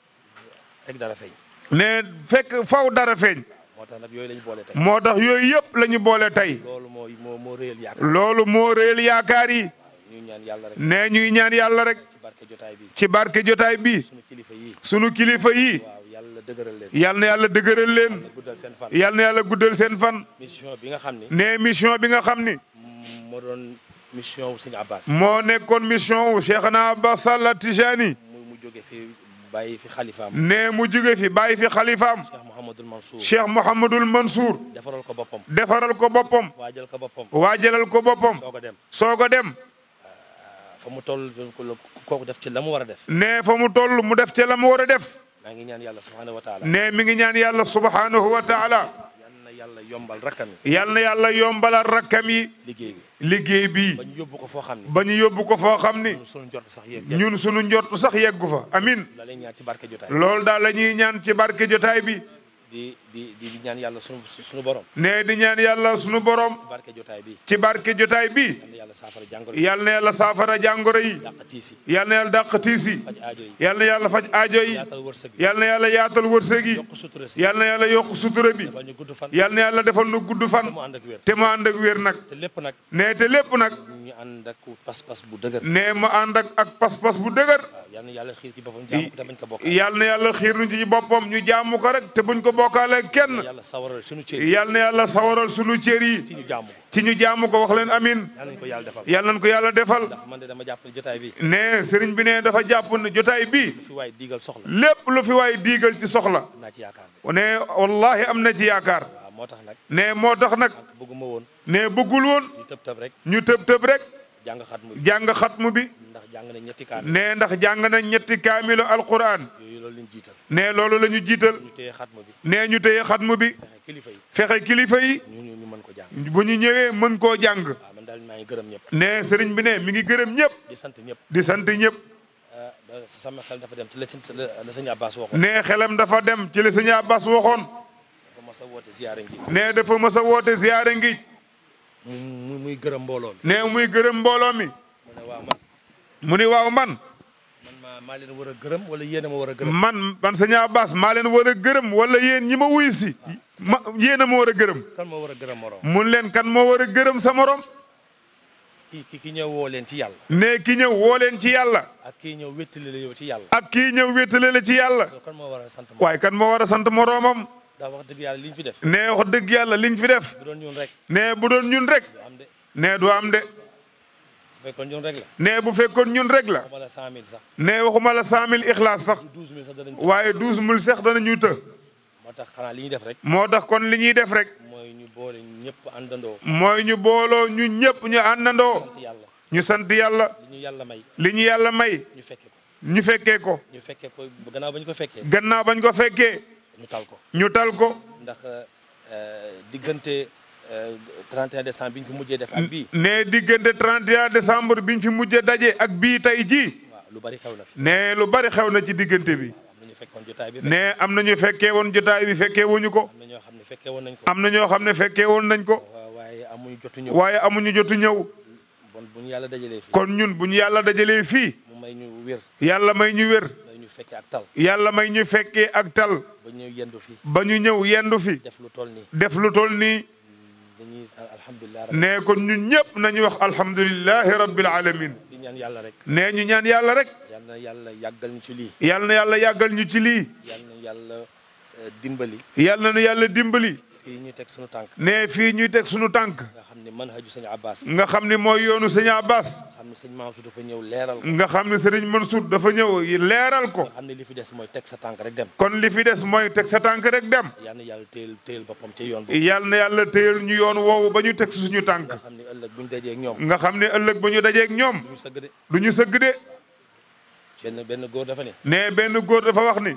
fekk dara feeñ. ne fekk faw dara feeñ. moo tax yooyu la ñu boole tey. moo tax yooyu yëpp la ñu boole tey. loolu moo moo réel yaakaar. loolu moo réel yaakaar yi. ñuy ñaan yàlla rek. nee ñuy ñaan yàlla rek. ci barke jotaay bi. ci barke jotaay bi. sunu kilifa yi. sunu kilifa yi. yal na yàlla dëgërël leen. yal na yàlla guddal seen fan. mission bi nga xam ni. nee mission bi nga xam ni. moo doon mission wu moo nekkoon mission wu Cheikhna Abbas Sall Tijani. mu jóge fi ne mu jóge fi baye fi khalifam Cheikh mohammed al Mansour. defaral ko boppam. defaral ko boppam. waajal dem famu toll ko def ci la wara def. ne famu toll mu def ci la mu def. maa wa taala. nee mi ngi ñaan yàlla subhanahu wa taala. yal yàlla yombal rakami yi. yàlla yombalal rakkam liggéey bi ba ñu yóbbu ko foo xam ni. ba ñu yóbbu ko foo xam ni. ñun suñu njort sax yeggu ñun suñu njort sax yeggu fa amin. loolu daal la ñuy ñaan ci barke jotaay bi. di di di ñaan yàlla sunu sunu borom. di ñaan yàlla sunu borom. barke jotaay bi. ci barke jotaay bi. yal na yàlla saafara jàngoro yi. yal na yàlla saafara jàngoro yi. dàq tiis yi. yal na yàlla dàq faj aajo yi. yal na yaatal wërsëg yi. yal na sutura bi. defal ñu defal ñu gudd fan. te mu ànd ak wér. te te lépp nag. nee te ñu ànd pas-pas bu dëgër. nee mu ànd ak ak pas-pas bu dëgër. yal na yàlla ci boppam jaamu ko te ko bokkaale. yal na ci ñu ko rek te buñ ko bokkaale kenn yal na yàlla sawaral sunu cër yi ci ñu jaamu ko wax leen amin yal nañ ko yàlla defal ne sëriñ bi ne dafa jàpp ne jotaay bi lépp lu fi waay diigal ci soxla ne wallahi am na ci yaakaar ne moo tax nag ne bëggul woon ñu tëb tëb rek jàng xatmu bi ne ndax jàng na ñetti kaamilo alquran loolu lañ jiital. ne loolu la ñu jiital. ñu téye xatmu bi. ne ñu téye xatmu bi. fexe kilifa yi. fexe kilifa yi. ñu ñu mën ko jàng. bu ñu ñëwee mën koo jàng. waaw daal maa ngi gërëm ñëpp. ne sëriñ bi ne mi ngi gërëm ñëpp. di sant ñëpp. di sant ñëpp. Ah, sama xel dafa dem ci la sëñ Abbas waxoon. ne xelam dafa dem ci la sëñ Abbas waxoon. dafa mës a woote ziyaare ngi. ne dafa mës a woote ziyaare ngi. muy gërëm mbooloo mi. muy gërëm mbooloo mi. waaw man. maa leen war a gërëm wala a ma a gërëm. man man sëñ Abbas maa leen war a gërëm wala yéen ñi ma wuyu si. ma yéen a ma war a kan moo war a gërëm morom. mun leen kan moo war a gërëm sa morom. ki ki ñëw woo leen ci yàlla. ne ki ñëw woo leen ci yàlla. ak kii ñëw wéttale la yow ci yàlla. ak kii ñëw wéttale la ci yàlla. kan moo war sant waaye kan moo war a sant moroomam. ndax wax dëgg yàlla liñ fi def. ne wax dëgg yàlla liñ fi def. bu doon ñun ne bu doon ñun rek. ne du am de. bu fekkoon ñun rek la. nee bu fekkoon ñun rek la. waxuma nee waxuma la 100000 sax. waaye 12000 sax danañu të. moo tax xanaa li ñuy def rek. moo tax kon li ñuy def rek. mooy ñu boole ñëpp àndandoo. mooy ñu booloo ñu ñëpp ñu àndandoo. ñu sant yàlla. li ñu yàlla may. ñu yàlla may. ñu fekkee ko. ñu fekkee ko. ñu fekkee ko gannaaw bañ ko fekkee. gannaaw ñu tal ko. ñu tal ko. ndax eh, eh, diggante. Eh, 31 décembre bi ñu fi mujjee def ak bii. ne diggante 31 décembre bi ñu fi mujjee daje ak bii tey jii. waaw lu bari xew na fi. ne lu bari xew na ci diggante bi. ne am na ñu fekkee woon jotaay bi fekkee wuñu ko. am ñoo xam ne fekkee woon nañ ko. am na ñoo xam ne fekkee woon nañ ko. waaye amuñu jotu ñëw. waaye amuñu jotu ñëw. kon buñu yàlla dajalee kon ñun buñu yàlla dajalee fii. mu may ñu wér. yàlla may ñu wér. fekkee ak tal yàlla may ñu fekkee ak tal. ba ñu yendu ba ñu ñëw yendu fi. def lu toll nii. nee kon ñun ñëpp nañu wax alhamdulilahi rabbil alamin di ñaan yàlla rek nee ñu ñaan yàlla rek yal na yàlla yàggal ñu ci lii yal na yàlla yàggal ñu ci lii yal na yàlla eh, dimbali yal na dimbali fii ñuy teg sunu tànk. ne fii ñuy teg suñu tànk. nga xam ni man haju sëñ Abbas. nga xam ni mooy yoonu sëñ Abbas. nga xam ni sëñ Mansour dafa ñëw leeral ko. nga xam ni sëriñ Mansour dafa ñëw leeral ko. nga xam li fi des mooy teg sa tànk rek dem. kon li fi des mooy teg sa tànk rek dem. yal na yàlla téyel téyel boppam ci yoon boobu. yal na yàlla téyel ñu yoon woowu ba ñu teg suñu tànk. nga xam ni ëllëg bu ñu dajee ak ñoom. nga xam ni ëllëg bu ñu dajee ñoom. du ñu sëgg de. du ñu sëgg de. benn góor dafa ne. benn góor dafa wax ni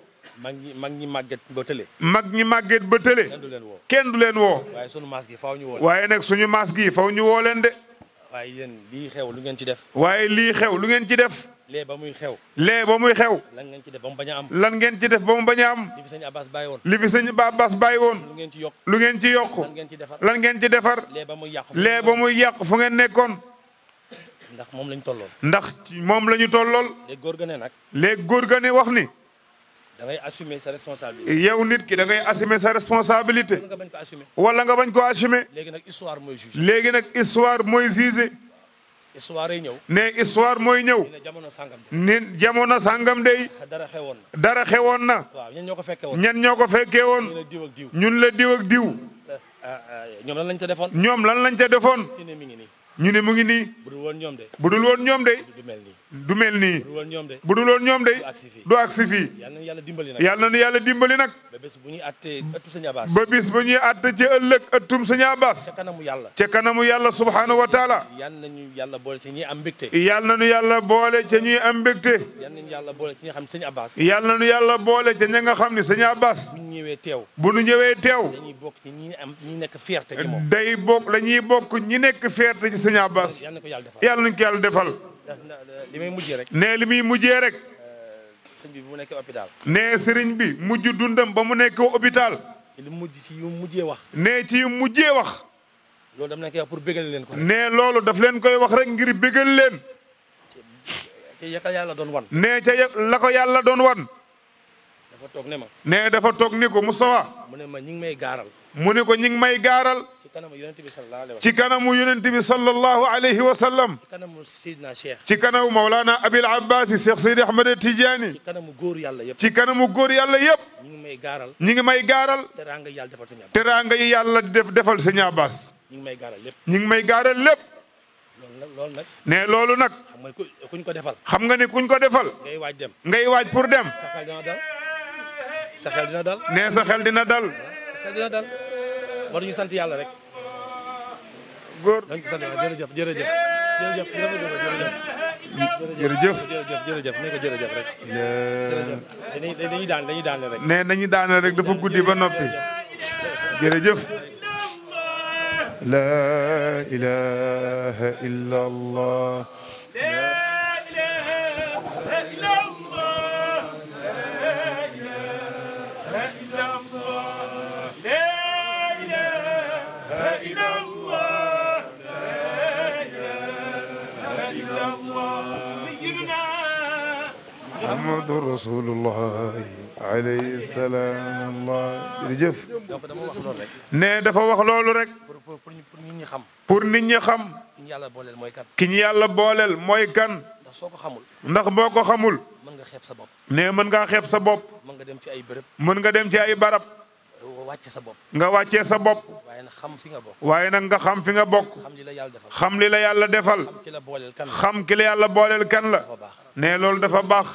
mag ñi mag ñi màgget ba tële. mag ñi màgget ba tële. kenn du leen woo kenn du leen woo. waaye sunu mas gi faw ñu woo. waaye nag suñu maas gi faaw ñu leen de. waaye yéen lii xew lu ngeen ci def. waaye lii xew lu ngeen ci def. lee ba muy xew. lee ba muy xew. lan ngeen ci def mu bañ am. lan ngeen ci def ba mu bañ am. li fi sëñ Abbas bàyyi woon. li sëñ Abbas bàyyi woon. lu ngeen ci yokk. lu ngeen ci yokk. ngeen ci defar. lan ci defar. lee ba muy yàqu. lee ba muy yàqu fu ngeen nekkoon. ndax moom lañ tollool. ndax moom la ñu tollool. góor ga ne nag. lee góor ga ne wax ni. da ngay sa responsabilité. yow nit ki da ngay assumer sa responsabilité. wala nga bañ ko assumer. wala nga bañ ko assumer. léegi nag histoire mooy juge. léegi nag histoire mooy juge. histoire yi ñëw. ne histoire mooy ñëw. ne jamono sangam de. ne jamono sangam de. dara xewoon na. dara xewoon na. waaw ñan ñoo ko fekkee woon. ñan ñoo ko fekkee woon. ñun la diw ak diw. ñun la diw ak diw. Eh, eh, eh, ñoom lan lañ ca defoon. ñoom lan lañ ca defoon. ñu ne mu ngi nii. budul woon ñoom de. budul woon ñoom de. du mel du mel nii bu du woon ñoom de du agsi fii yàlla na yàlla dimbali nag ba bis bu ñuy àtte ci ëllëg ëttum sëñ Abbas ca kanamu yàlla subhaanahu wa taala yàlla na ñu yàlla boole ca ñuy am mbégte yàlla na ñu yàlla boole ca ñuy am mbégte yàlla na ñu yàlla boole ca ña nga xam ne sëñ Abbas bu ñu ñëwee teew bu ñu ñëwee teew dañuy bokk ci ñi am ñi nekk fierté ci moom day bokk dañuy bokk ñi nekk fierté ci sëñ Abbas yàlla nañ ko yàlla defal li muy mujjee rek. ne li muy mujjee rek. Euh, sëriñ bi mu nekkee hôpital. nee sëriñ bi mujj dundam ba mu nekkee hôpital. li mujj ci yu mujje wax. ne ci yu mujjee wax. loolu daf leen koy wax pour bégal leen ko. nee loolu daf leen koy wax rek ngir bégal leen. ca ya yàlla doon wan. nee ca la ko yàlla doon wan. dafa toog ne ma. nee dafa toog ni ko mu ne ma may gaaral. mu ne ko ñi ngi may gaaral. kanamu yonent bi sallallahu alayhi wa sallam. ci kanamu yonent bi sallallahu alayhi wa sallam. ci kanamu Seydina Cheikh. ci kanamu Mawlana Abil Abbas Cheikh Seydi Ahmed Tidiane. ci kanamu góor yàlla yëpp. ci kanamu góor yàlla yëpp. ñi ngi may gaaral. ñi ngi may gaaral. teraanga yàlla defal Sëñ Abbas. teraanga yi def defal Sëñ Abbas. ñi ngi may gaaral lépp. ñi ngi may gaaral lépp. loolu nag ne loolu nag. xam nga kuñ ko defal. xam nga ni kuñ ko defal. ngay waaj dem. ngay waaj pour dem. sa xel sa xel dina dal. ne sa xel dina dal. sa xel dina dal. ñu sant yàlla rek. góor dañ ko sant waaw jërëjëf jërëjëf jërëjëf jërëjëf jërëjëf jërëjëf ne ko jërëjëf rek dañuy daan dañuy daan rek ne nañu daan rek dafa guddi ba noppi jërëjëf la ilaha illa allah محمد رسول الله عليه السلام الله jërëjëf ne dafa wax loolu rek pour nu ñi xam pour nit ñi xam yàlla booleel mooy kan ki ñu yàlla booleel mooy kan ndax soo ko xamul ndax boo ko xamul mën nga xeeb sa bopp ne mën ngaa xeeb sa bopp mën nga dem ci ay bërëb mën nga dem ci ay barab nga wacce sa bop waye nak nga xam fi nga bok xam yalla defal xam ki la yalla bolel kan la kan ne lol dafa bax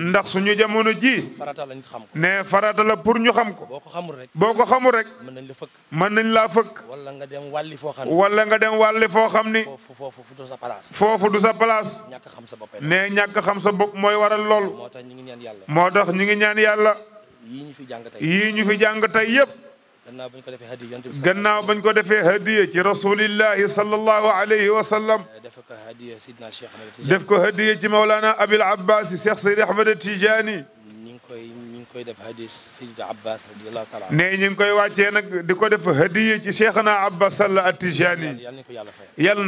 ndax suñu jamono ji ne farata la pour ñu xam ko boko xamul rek man nañ la fekk wala nga dem walli fo fofu du sa place ne ñak xam sa bop moy waral lol motax ñi ngi ñaan yalla yii ñu fi jàng tey ñu fi jàng tey yëpp. gannaaw bañ ko defee hadiya gannaaw bañ ko defee hadiya ci rasulillahi sallallahu alayhi wa sallam. Eh, def ko hadiya sidna Cheikh Ahmed Tidiane def ko hadiya ci Mawlana Abil Abbas Cheikh Seydi Ahmed Tidiane. ñu ngi koy ñu ngi koy def hadiya Seydi Abbas radiyallahu taala. nee ñu ngi koy wàccee nag di ko def hadiya ci Cheikhna Abbas Sall At-Tidiane. yal a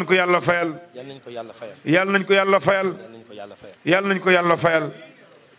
ko yàlla fayal yal nañ ko yàlla fayal. yal nañ ko yàlla fayal. yal nañ ko yàlla fayal. yal nañ ko yàlla fayal.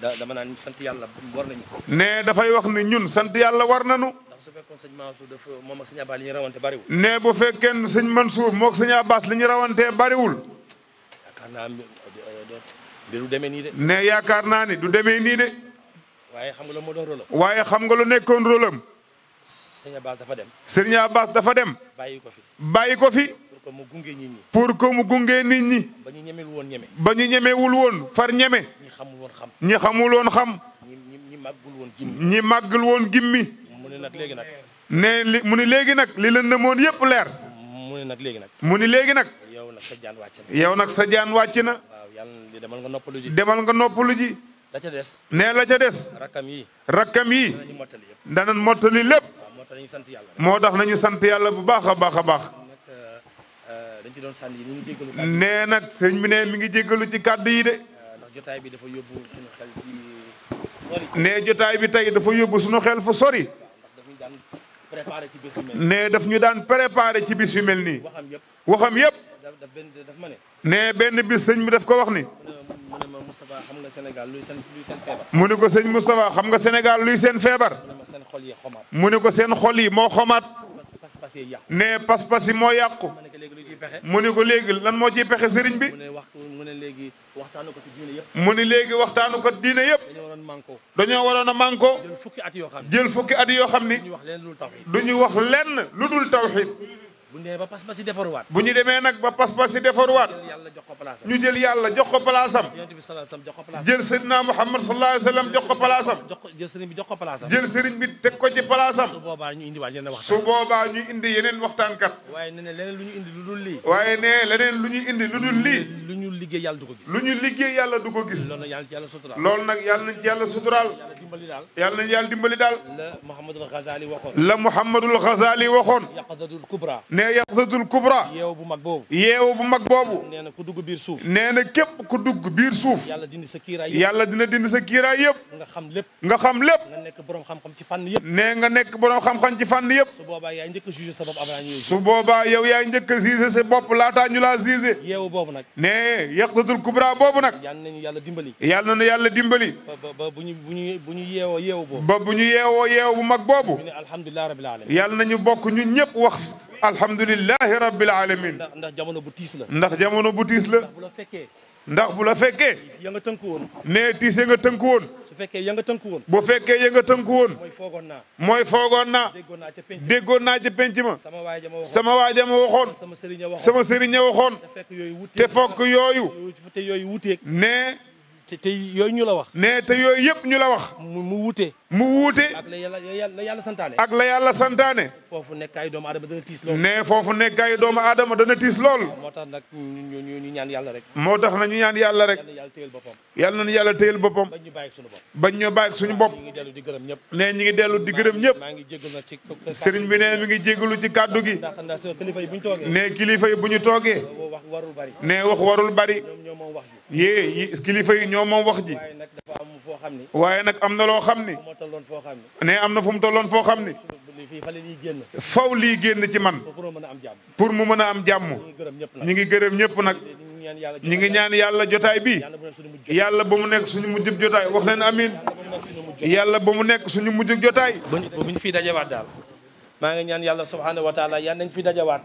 dama naan sant war nañu. wax ni ñun sant yalla war nañu. Mansour dafa moom Abbas ne bu fekkee Mansour Abbas li ñu du de. ne yaakaar ni du demee ni de. waye xam nga lu mo do rolam waye xam nga lu nekkon rolam Abbas dafa dem. Abbas dafa dem. bayiko fi bayiko fi. que mu gunge nit ñi. pour ko mu gunge nit ni ba ñu ñemewul woon ñeme. ba ñu ñemewul woon far ñeme. ñi xamul woon xam. ñi xamul woon xam. ñi màggul woon gimmi. ñi màggul woon gimmi. mu ne nag léegi nag. ne li mu ne léegi nag li la nëmoon yëpp leer. mu ne nag léegi nag. mu ne léegi nag. yow nag sa jaan wàcc na. yow nag sa jaan wàcc na. waaw yàlla demal nga noppalu ji. demal nga noppalu ji. la ca des. ne la ca des. rakkam yi. rakkam yi. danañ mottali lépp. moo tax nañu sant yàlla bu baax a baax a baax nee nag sëñ bi ne mi ngi jéggalu ci kàddu yi de. jotaay bi dafa yóbbu suñu xel ci ne jotaay bi tey dafa yóbbu suñu xel foo sori. ne daf ñu daan préparé ci bis yu mel nii. waxam yëpp. ne benn bis sëñ bi daf ko wax ni. mu ne ko sëñ Moustapha xam nga Sénégal luy seen feebar. mu ne ko seen xol yi moo xomaat. ne pas-pas yi moo yàqu. mu ko léegi lan moo ciy pexe sëriñ bi. mu ne waxtaanu ko diine yëpp. mu ne léegi waxtaanu ko diine fukki at xam ne. du ñu wax lenn lu dul tawxiid. bu ñu demee ba pas-pas yi defaruwaat. bu ñu demee nag ba pas-pas yi defaruwaat. ñu jël yàlla jox ko palaasam. ñu jël yàlla jox ko palaasam. yonent bi salaasam jox ko palaasam. jël Seydina Muhammad sallallahu alayhi wa sallam jox ko palaasam. jox ko jël sëriñ bi jox ko palaasam. jël sëriñ bi teg ko ci palaasam. su boobaa ñu indiwaat yeneen waxtaan. su boobaa ñu indi yeneen waxtaan kat. waaye nee na leneen lu ñu indi lu dul lii. waaye nee leneen lu ñu indi lu dul lii. lu ñu liggéey yàlla du ko gis. lu ñu liggéey yàlla du ko gis. loolu nag yàlla nañ ci yàlla suturaal. yàlla nañ ci yàlla dimbali daal. nee yaxsatul kubra. yeewu bu mag boobu. yeewu bu mag boobu. nee na ku dugg biir suuf. nee na képp ku dugg biir suuf. yàlla dindi sa kiiraay yëpp. yàlla dina dindi sa kiiraay yëpp. nga xam lépp. nga xam lépp. nekk borom xam ci fànn yëpp. nee nga nekk borom xam-xam ci fànn yëpp. su boobaa yaay njëkk a jugé sa bopp avant ñuy. su boobaa yow yaay njëkk a jugé sa bopp laataa ñu laa jugé. yeewu boobu nag. nee yaxsatul kubra boobu nag. yal nañu yàlla dimbali. yal nañu yàlla dimbali. ba bu ñu bu ñu bu ñu yeewoo yeewu boobu. ba ñu yeewoo yeewu bu mag boobu. yal nañu bokk ñëpp wax alhamdulilahi rabbil alamin ndax jamono bu tiis la. ndax jamono bu tiis la. ndax bu la ya nga tënku woon. nee tiis ya nga tënku won moy fogon na nga tënku woon. penc ma. sama waja ma sama waay ja te te fokk te ñu la wax. ne te yoy yep ñu la wax. mu wuté mu wuté ak la yàlla santane ak la yàlla santane foofu nekk ay doomu aadama dana tiis foofu nekk ay doomu aadama dana tiis lool. moo tax nag ñaan yàlla rek. na ñu ñaan yàlla rek. yal na yàlla téyel boppam. bañ ñu bàyyi ak suñu bopp. bañ ñu bàyyi ak suñu bopp. ne ñu ngi dellu di gërëm ñëpp. ne ñu ngi dellu di gërëm ñëpp. sëriñ bi ne mi ngi jégalu ci kàddu gi. ne kilifa yi bu ñu toogee. ne wax warul bari. yee kilifa yi ñoo moom wax ji. waaye nag am na loo xam ni. ne am na fu mu tolloon foo xam ni. faw lii génn ci man pour mu mën a am jàmm ñi ngi gërëm ñëpp nag ñi ngi ñaan yàlla jotaay bi yàlla ba mu nekk suñu mujjub jotaay wax leen amin yàlla ba mu nekk suñu mujj jotaay bu ñu fi dajawaat daal maa ngi ñaan yàlla subhaanahu wa taala yal nañ fi dajawaat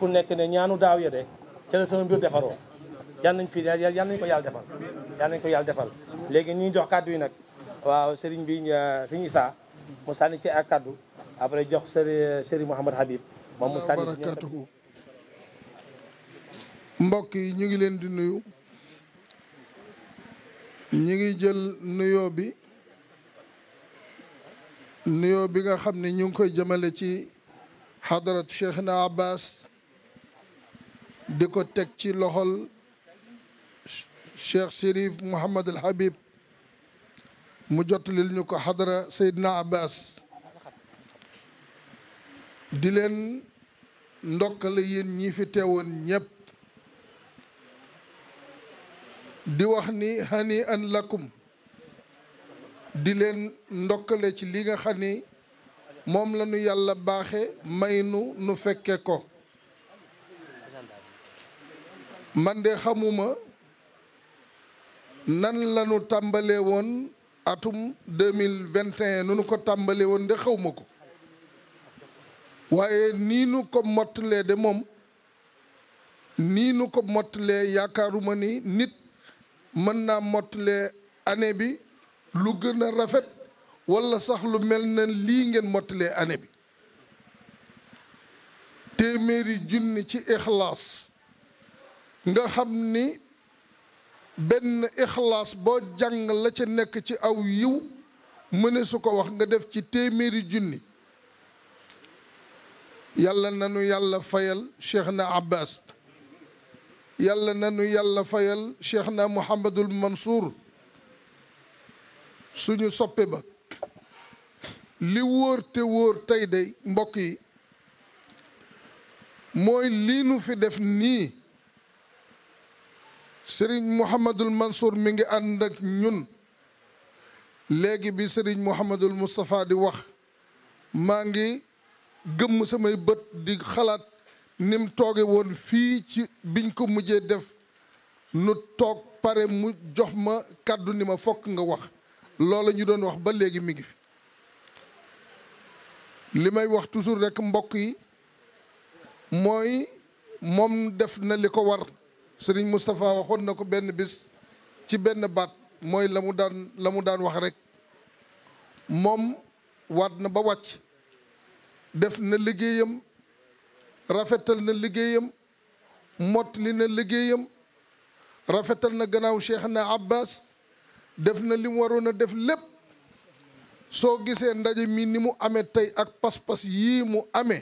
ku nekk ne ñaanu daaw ya de ca la sama mbir defaroo nañ fi yal nañ ko yàlla defal yal ko yàlla defal léegi ñi jox kàddu yi nag waaw sëriñ bi sëriñ Issa mu sànni ci ak kàddu après jox sëriñ sëriñ Mouhamad mbokk yi ñu ngi leen di nuyu ñu ngi jël nuyoo bi nuyoo bi nga xam ne ñu ngi koy jëmale ci xadaratu Cheikhna Abbas di ko teg ci loxol Cheikh Chérif Mouhamad al Habib mu jottalil ñu ko xadara Seydina Abbas di leen ndokkale yéen ñi fi teewoon ñépp di wax ni hani an lakum di leen ndokkale ci li nga xam ni moom la yàlla baaxe may nu nu fekke ko man de xamuma nan la ñu woon atum deux mille vingt et nu nu ko tàmbale woon de xawma ko waaye nii nu ko mottalee de moom nii nu ko mottalee yaakaaruma ni nit mën naa mottalee année bi lu gën a rafet walla sax lu mel na lii ngeen mottalee année bi téeméeri junni ci ixlaas nga xam ni benn ixlaas boo jàng la ci nekk ci aw yiw mëne su ko wax nga def ci téeméeri junni yàlla nanu yàlla fayal cheikh na abbas yàlla nanu yàlla fayal cheikh na mouhamadul mansour suñu soppe ba li wóor te wóor tey de mbokk yi mooy lii nu fi def nii sëriñ mouhamadul mansour mi ngi ànd ak ñun léegi bi sëriñ mouhamadul moustapha di wax maa ngi gëmm samay bët di xalaat nim tooge woon fii ci biñ ko mujjee def nu toog pare mu jox ma kàddu ni ma fokk nga wax loola ñu doon wax ba léegi mi ngi fi li may wax toujours rek mbokk yi mooy moom def na li ko war sëriñ Moustapha waxoon na ko benn bis ci benn baat mooy la mu daan la wax rek moom waat na ba wàcc def na liggéeyam rafetal na liggéeyam mott mottali na liggéeyam rafetal na gannaaw Cheikh na Abbas def na li mu waroon a def lépp soo gisee ndaje mi ni mu amee tey ak pas-pas yii mu ame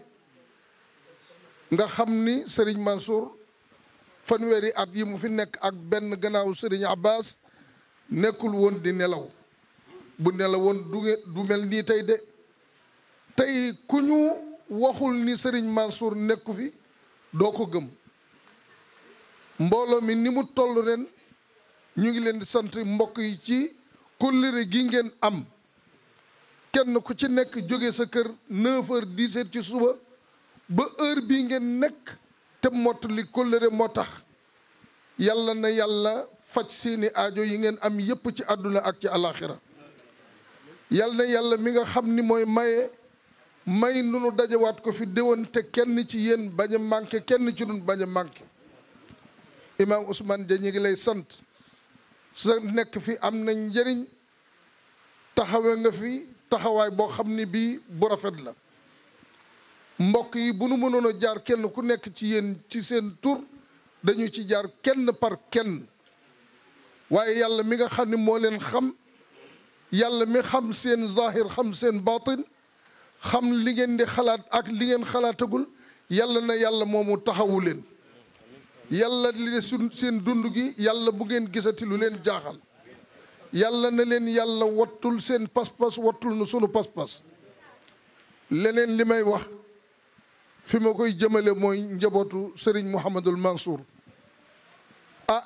nga xam ni Serigne Mansour fanweeri at yi mu fi nekk ak benn gannaaw Serigne Abbas nekkul woon di nelaw bu nelawoon du du mel nii tey de tey ku ñu waxul ni sëriñ Mansour nekku fi doo ko gëm mbooloo mi ni mu toll ren ñu ngi leen di sant mbokk yi ci kóllëre gi ngeen am kenn ku ci nekk jóge sa kër 9 heures 10 ci suba ba heure bii ngeen nekk te mottali kóllëre moo tax yàlla na yàlla faj seeni aajo yi ngeen am yépp ci àdduna ak ci alaxira yàlla na yàlla mi nga xam ni mooy maye may nu nu dajawaat ko fi déwén te kenn ci yéen bañ a manqué kenn ci nun bañ a manqué imaam Ousmane Dia ñu lay sant sa nekk fi am na njariñ taxawe nga fi taxawaay boo xam ni bii bu rafet la mbokk yi bu nu mënoon a jaar kenn ku nekk ci yéen ci seen tur dañu ci jaar kenn par kenn waaye yàlla mi nga xam ni moo leen xam yàlla mi xam seen zahir xam seen batin xam li ngeen di xalaat ak li ngeen xalaatagul yàlla na yàlla moomu taxawu leen yàlla li su seen dund gi yàlla bu ngeen gisatilu leen jaaxal yàlla na leen yàlla wattul seen pas-pas wattul nu sunu pas-pas leneen li may wax fi ma koy jëmale mooy njabootu sëriñ Mouhamadul Mansour ah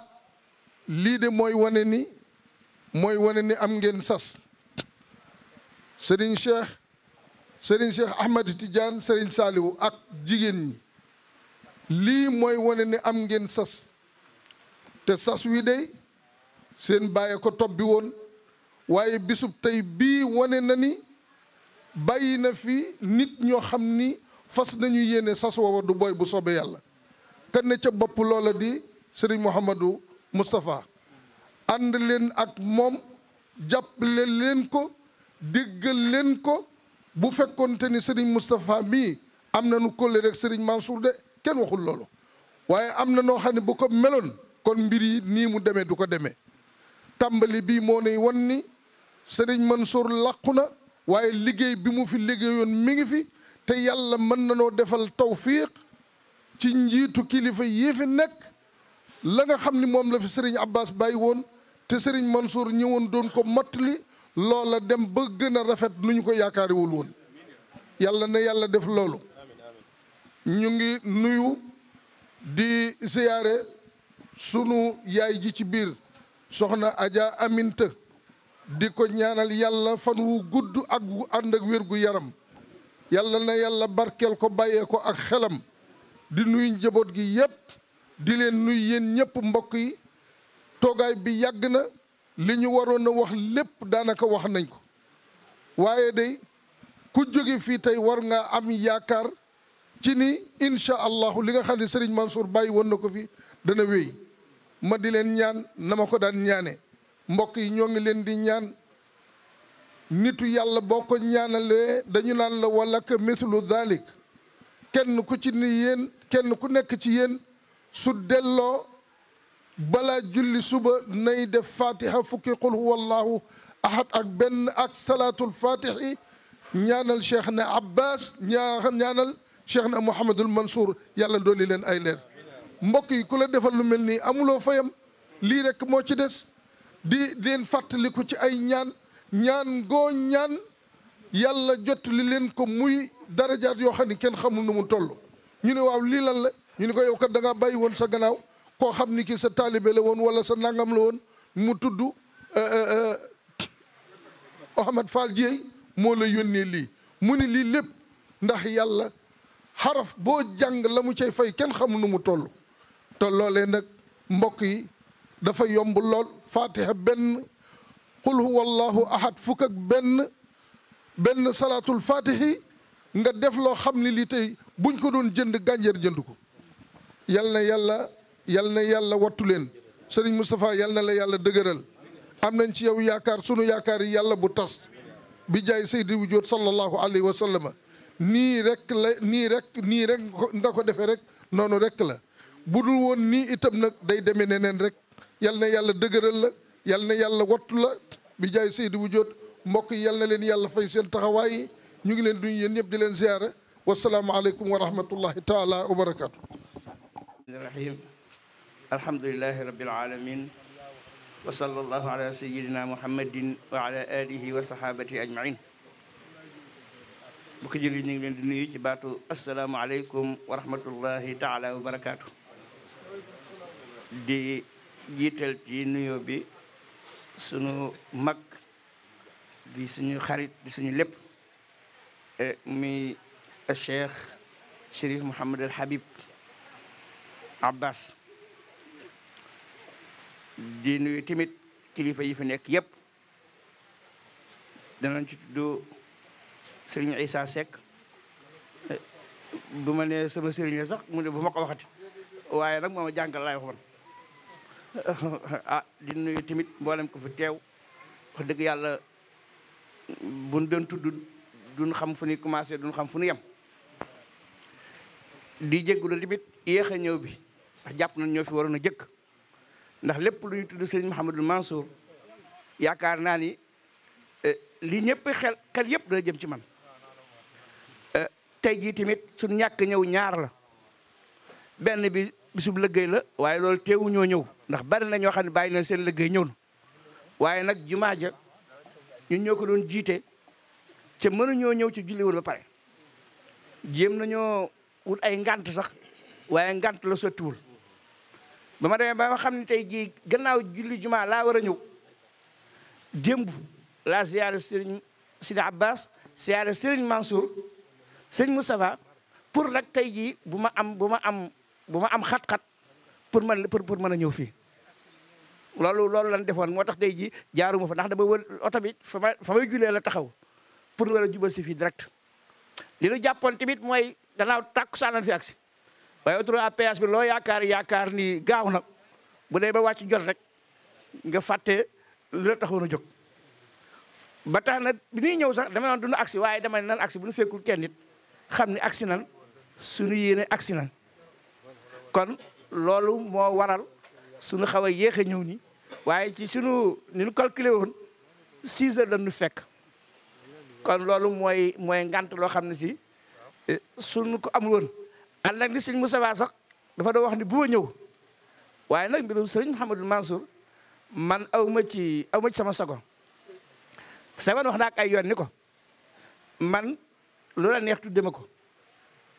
lii de mooy wane ni mooy wane ni am ngeen sas sëriñ Cheikh Serigne Cheikh Ahmed Tidiane Serigne Saliou ak jigéen ñi lii mooy wane ni am ngeen sas te sas wi dey seen bàyyi ko topp woon waaye bisub tey bii wone na ni bàyyi na fi nit ñoo xam ni fas nañu yéene sas woowa du booy bu soobee yàlla kan ca bopp loola di Serigne Mouhamadou Moustapha ànd leen ak moom jàppale leen ko déggal leen ko bu fekkoonte ni Serigne Moustapha mii am na nu kóllëre rek Serigne Mansour de kenn waxul loolu waaye am na noo xam ne bu ko meloon kon mbir yi nii mu demee du ko demee tàmbali bii moo nay wan ni Serigne Mansour làqu na waaye liggéey bi mu fi liggéeyoon mi ngi fi te yàlla mën na noo defal tawfiq ci njiitu kilifa yii fi nekk la nga xam ni moom la fi Serigne Abbas bàyyi woon te Serigne Mansour ñëwoon doon ko mottali loola dem ba gën a rafet nu ñu ko yaakaariwul woon yàlla na yàlla def loolu ñu ngi nuyu di siyaare sunu yaay ji ci biir soxna aja Aminta di ko ñaanal yàlla fan wu gudd ak wu ànd ak wér gu yaram yàlla na yàlla barkeel ko bàyyee ko ak xelam di nuyu njaboot gi yépp di leen nuy yéen ñépp mbokk yi toogaay bi yàgg na li ñu waroon a wax lépp daanaka wax nañ ko waaye day ku jóge fii tey war nga am yaakaar ci ni incha li nga xam ne Serigne Mansour bàyyi woon na ko fi dana wéy ma di leen ñaan na ma ko daan ñaane mbokk yi ñoo ngi leen di ñaan nitu yàlla boo ko ñaanalee dañu naan la wala ka mithlu dalik kenn ku ci yéen kenn ku nekk ci yéen su delloo بلا جل سب نيد فاتحة فك قل هو الله أحد أكبن أك صلاة الفاتحة نيان الشيخنا عباس نيان نيان الشيخنا محمد المنصور يلا دولي لن أيلر مكي كل دفل ملني أملو فيم ليرك موشدس دي دين فات لكوش أي نيان نيان غو نيان يلا جوت للين كو موي درجات يوخاني كن خمو نمو تولو ñu ne waaw lii lan la ñu ne ko yow kat da koo xam ni ki sa taalibe la woon wala sa nangam la woon mu tudd eh, eh, eh, Ahmad Fall Dieye moo la yónnee lii mu ni lii lépp ndax yàlla xaraf boo jàng la mu cay fay kenn xamu nu mu toll te loolee nag mbokk yi dafa yomb lool fatiha benn qul huwa ahad fukk ak benn benn salaatul fatihi nga def loo xam ni lii tey buñ ko doon jënd gànjar jënd ko yal na yàlla yal na yàlla wattu leen sëriñ Moustapha yal na la yàlla dëgëral am nañ ci yow yaakaar sunu yaakaar yi yàlla bu tas bi jaay saydi wu jóot sallallahu alayhi wa sallama nii rek la nii rek nii rek nga ko defee rek noonu rek la bu dul woon nii itam nag day demee neneen rek yal na yàlla dëgëral la yal na yàlla wattu la bi jaay saydi wu jóot mbokk yi yal na leen yàlla fay seen taxawaay yi ñu ngi leen duñu yéen ñëpp di leen ziyaara wasalaamualeykum wa rahmatullahi taala wa barakaatu. الحمد لله رب العالمين وصلى الله على سيدنا محمد وعلى اله وصحابته اجمعين بك جيلي نيغ لين السلام عليكم ورحمه الله تعالى وبركاته دي جيتال تي نيو بي سونو ماك دي سونو خريط دي سونو ليب مي الشيخ شريف محمد الحبيب عباس di nuyu tamit kilifa yi fi nekk yëpp danañ ci tudd sëriñ Issa Seck bu eh, ma nee sama sëriñ la sax mu ne bu ma ko waxati waaye nag mooma jàngal laay waxoon a ah, di nuyu tamit mboolem ko fi teew wax dëgg yàlla buñ doon tudd duñ xam fu ñuy commencé duñ xam fu ñu yam di jéggula tamit yéex a ñëw bi ndax jàpp nañ ñoo fi waroon a jëkk ndax lépp lu ñu tudd Serigne Mouhamadou Mansour yaakaar naa ni eh, li ñëpp xel xel yëpp dana jëm ci man eh, tey jii tamit suñu ñàkk ñëw ñaar la benn bi bisub lëggéey la waaye loolu teewu ñoo ñëw ndax bari na ñoo xam ne bàyyi na seen lëggéey ñëw na waaye nag jumaa ja ñun ñoo ko doon jiite te mënuñoo ñëw ci julliwul ba pare jéem nañoo wut ay ngant sax waaye ngant la sottiwul ba ma demee ba ma xam ni tey jii gannaaw julli jumaa laa war a ñëw démb laa siyaare sëriñ Sidi Abbas siyaare sëriñ Mansour sëriñ Moustapha pour nag tey jii bu ma am bu ma am bu ma am xat-xat pour mën pour pour mën a ñëw fii loolu loolu lan defoon moo tax tey jii jaaruma fa ndax dama oto bi fa ma fa may jullee la taxaw pour war a jubal si fii direct li nu jàppoon tamit mooy gannaaw tàkkusaan lan fi agsi waaye autoroute à péage bi loo yaakaar yaakaar ni gaaw na bu dee ba wàcc jot rek nga fàtte lu la taxoon a jóg. ba tax na bi ñuy ñëw sax dama naan du ñu agsi waaye dama ne nan agsi bu ñu fekkul kenn nit xam ne agsi nan suñu yéene agsi nan kon loolu moo waral suñu xaw a yéex a ñëw nii waaye ci suñu ni ñu calculé woon six heures dañu fekk kon loolu mooy mooy ngant loo xam ne si eh, suñu ko amul woon ànd nag li sëñ Moustapha sax dafa doo wax ni bu ñëw waaye nag mbirum sëriñ Mouhamadou man aw ma ci aw sama sago sa man wax ay yoon ni ko man loola neex tudde ko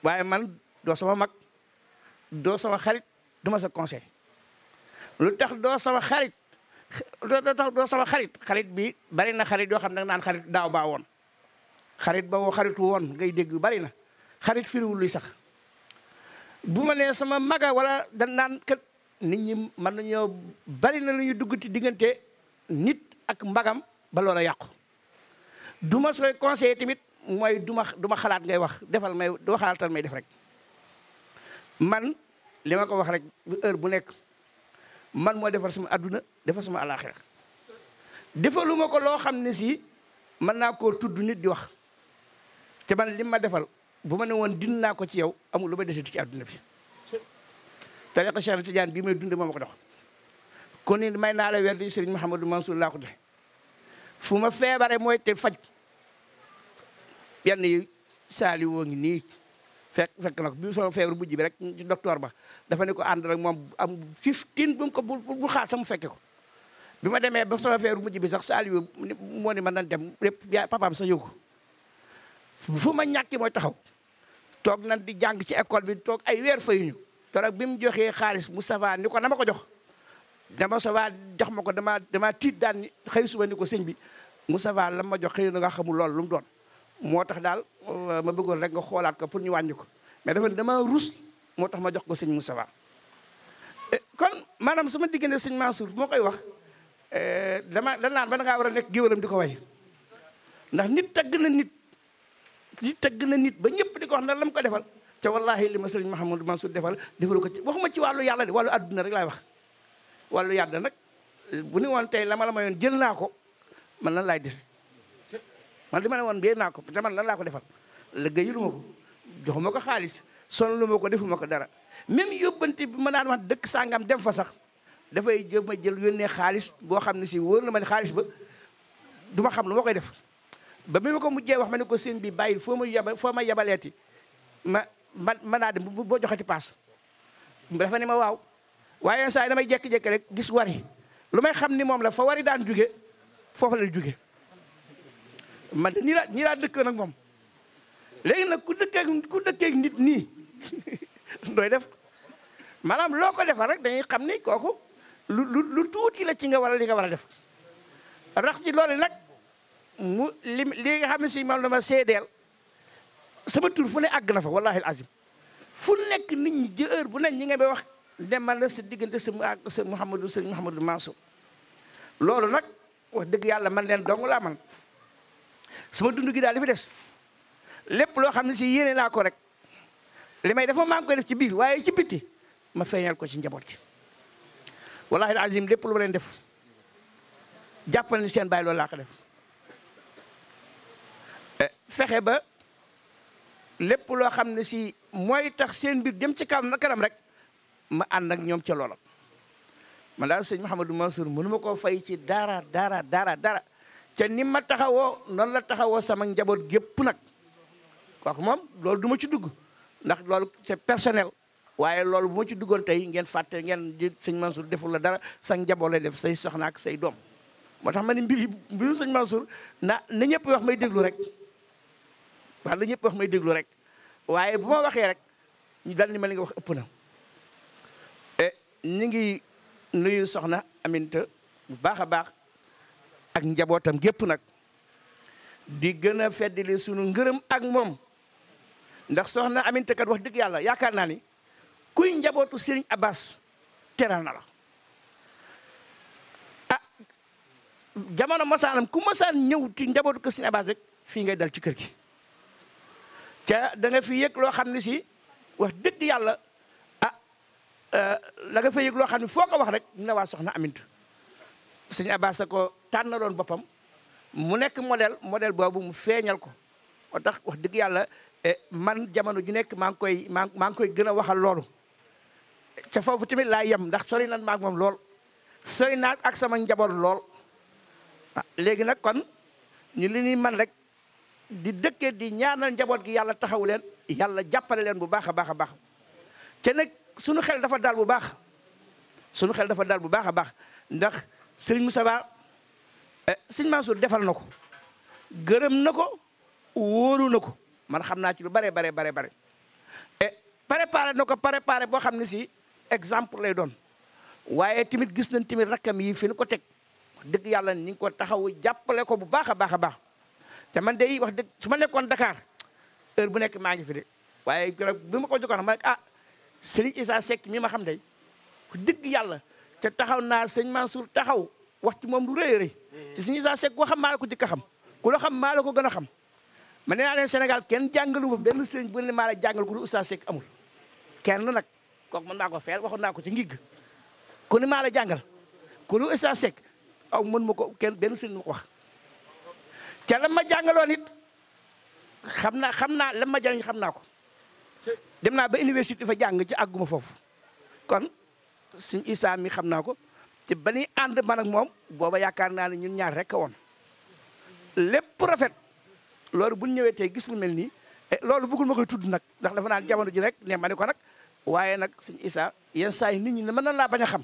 waaye man doo sama mag doo sama xarit du ma sa conseil lu tax doo sama xarit doo tax doo sama xarit xarit bi bari na xarit yoo xam ne naan xarit daaw baa woon xarit ba woo xaritu woon ngay dégg bari na xarit firiwul luy sax bu ma nee sama maga wala dañ naan kat nit ñi mën nañoo bari na lu ñu dugg ti diggante nit ak mbagam ba loola yàqu du ma sooy conseillé tamit mooy du ma du xalaat ngay wax defal may du ma xalaatal may def rek man li ma ko wax rek heure bu nekk man moo defar sama adduna defar sama alaxira defaluma ko loo xam ne si mën naa koo tudd nit di wax te man lim ma defal bu ma ne woon dind naa ko ci yow amul lu may ti ci àdduna bi tariqa ti jaan bii may dunde moom ko dox kon ni may naa la werd yi Serigne Mouhamadou Mansour laa ko de fu ma feebare mooy te faj yenn yi saali ngi nii fekk fekk na ko bu ji rek ci ba dafa ko ànd rek moom am fifteen bu mu ko bu ma demee ba sama feebar bi sax saali moo ni ma nan dem lépp papaam sax yóbbu fu ma ñàkki mooy taxaw toog nan di jàng ci école bi toog ay weer ñu fayuñu torog bi mu joxee xaalis Moustapha ni ko nama ko jox dama Moustapha jox ma ko dama dama tiit daan xëy suba ni ko sëñ bi mu Moustapha la ma jox xëy na nga xamul lool lu mu doon moo tax daal euh, ma bëggoon rek nga xoolaat ko pour ñu wàññi ko mais dafa dama rus moo tax ma jox ko sëñ Moustapha eh, kon maanaam sama diggante sëñ Mansour moo koy wax eh, dama danaan ba da ngaa war a nekk géwalam di ko way ndax nit tagg na nit di tagg na nit ba ñëpp di ko wax na lam ko defal te wallahi li ma ma sëriñ Mahamadou Mansour defal defalu ko ci waxuma ci wàllu yàlla de wàllu adduna rek laay wax wàllu yàlla nag bu ni woon tey la ma la mayoon jël naa ko man lan laay des man li ma ne woon bee naa ko te man lan laa ko defal liggéeyul ma ko joxuma ko xaalis lu ma ko defuma ko dara même yóbbante bi ma daan wax dëkk sàngam dem fa sax dafay jëm ma jël yónnee xaalis boo xam ne si wóor la ma ne xaalis ba duma xam lu ma koy def ba bi ma ko mujjee wax ma ne ko sëñ bi bàyyil foo ma yaba foo ma yabaleeti ma ma ma naa dem boo joxee joxati paas dafa ne ma waaw waaye saa yi damay jékki-jékki rek gis wari lu may xam ni moom la foo wari daan jóge foofu la jóge man de nii laa nii dëkk nag moom léegi nag ku dëkkee ku dëkkee nit nii dooy def maanaam loo ko defal rek dañuy xam ni kooku lu lu tuuti la ci nga war a li nga war a def rax ci loolu nag mu li li xam ne si moom ma seedeel sama tur fu ne àgg na fa wallahi azim fu nekk nit ñi jë bu ne ñi nga may wax man na sa diggante sa ak sa Mouhamadou sëñ Mouhamadou Mansour loolu nag wax dëgg yàlla man leen dong laa man sama dund gi daal li fi des lépp loo xam ne si yéene naa ko rek li may dafa maa ngi koy def ci biir waaye ci bitti ma feeñal ko ci njaboot gi wallahi azim lépp lu ma leen defu jàppal ni seen bàyyi loolu laa ko def fexe ba lépp loo xam ne si mooy tax seen mbir jëm ci kanam na kanam rek ma ànd ak ñoom ca loola. man daal sëñ Mouhamadou Mansour mënu ma koo fay ci dara dara daara dara ca ni ma taxawoo noonu la taxawoo sama njaboot gépp nag kooku moom loolu duma ci dugg ndax loolu c'est personnel waaye loolu bu ci duggoon tey ngeen fàtte ngeen di sëñ Mansour deful la dara sa njaboot lay def say soxna say doom moo tax ma ne mbir yi mbiru sëñ Mansour na na ñëpp wax may déglu rek wax la ñëpp wax may déglu rek waaye bu ma waxee rek ñu dal ni ma wax ëpp na eh, ñu ngi nuyu soxna Aminta bu baax a baax ak njabootam gépp nag di gën a feddali sunu ngërëm ak moom ndax soxna Aminta kat wax dëgg yàlla yaakaar naa ni kuy njabootu Serigne Abbas teral na la ah jamono masaanam ku mosaan ñëw ci njabootu ko Serigne Abbas rek fii ngay dal ci kër gi ca da nga fi yëg loo xam ne si wax dëgg yàlla ah euh, la nga fa loo xam ne foo ko wax rek ne waa soxna amint sëñ Abass a ko tànnaloon boppam mu nekk modèle model boobu mu feeñal ko moo tax wax dëgg yàlla eh, man jamono ju nekk maa ngi koy maa maa ngi koy gën a waxal loolu ca foofu tamit laa yem ndax sori nan maag lool sori naa ak sama njaboot lool ah, léegi nag kon ñu li ñuy man rek di dëkkee di ñaanal njaboot gi yàlla taxaw leen yàlla jàppale leen bu baax a baax a baax te nag suñu xel dafa daal bu baax suñu xel dafa daal bu baax a baax ndax sëriñ Moussa Ba eh, sëriñ Mansour defal na ko gërëm na ko wóolu na ko man xam naa ci lu bare bare bare bare e préparé na ko préparé boo xam ne si exemple lay doon waaye tamit gis nañ tamit rakkam yi fi ko teg dëgg yàlla ni ko taxaw jàppale ko bu baax a baax a baax te man day wax dëgg su ma nekkoon Dakar heure bu nekk maa ngi fi de waaye bi ma ko joxoon ma ne ah Serigne Issa Seck mii ma xam day ku dëgg yàlla te taxaw naa sëñ suur taxaw wax ci moom lu rëy rëy te Serigne Issa Seck koo xam maa la ko jëkk a xam ku la xam maa la ko gën a xam man ne naa leen senegal kenn jàngalu fa benn sëriñ bu ne maa la jàngal ku dul Issa Seck amul kenn nag kooku mën naa ko feel waxoon naa ko ci ngigg ku ne jàngal ku dul aw mën ma ko kenn benn sëriñ ma ko wax ca la ma jàngaloon it xam naa xam naa la ma xam naa ko dem naa ba université fa jàng ci àgguma foofu kon suñ Issa mi xam naa ko ci ba ñuy ànd man moom booba yaakaar naa ne ñun ñaar rek a woon lépp rafet loolu bu ñëwee tey gis lu mel nii eh, loolu bëggul ma tudd nag ndax dafa naan jamono ji rek ne ma ne ko nag waaye nag suñ Issa yenn saa yi nit ñi ne mën na laa bañ a xam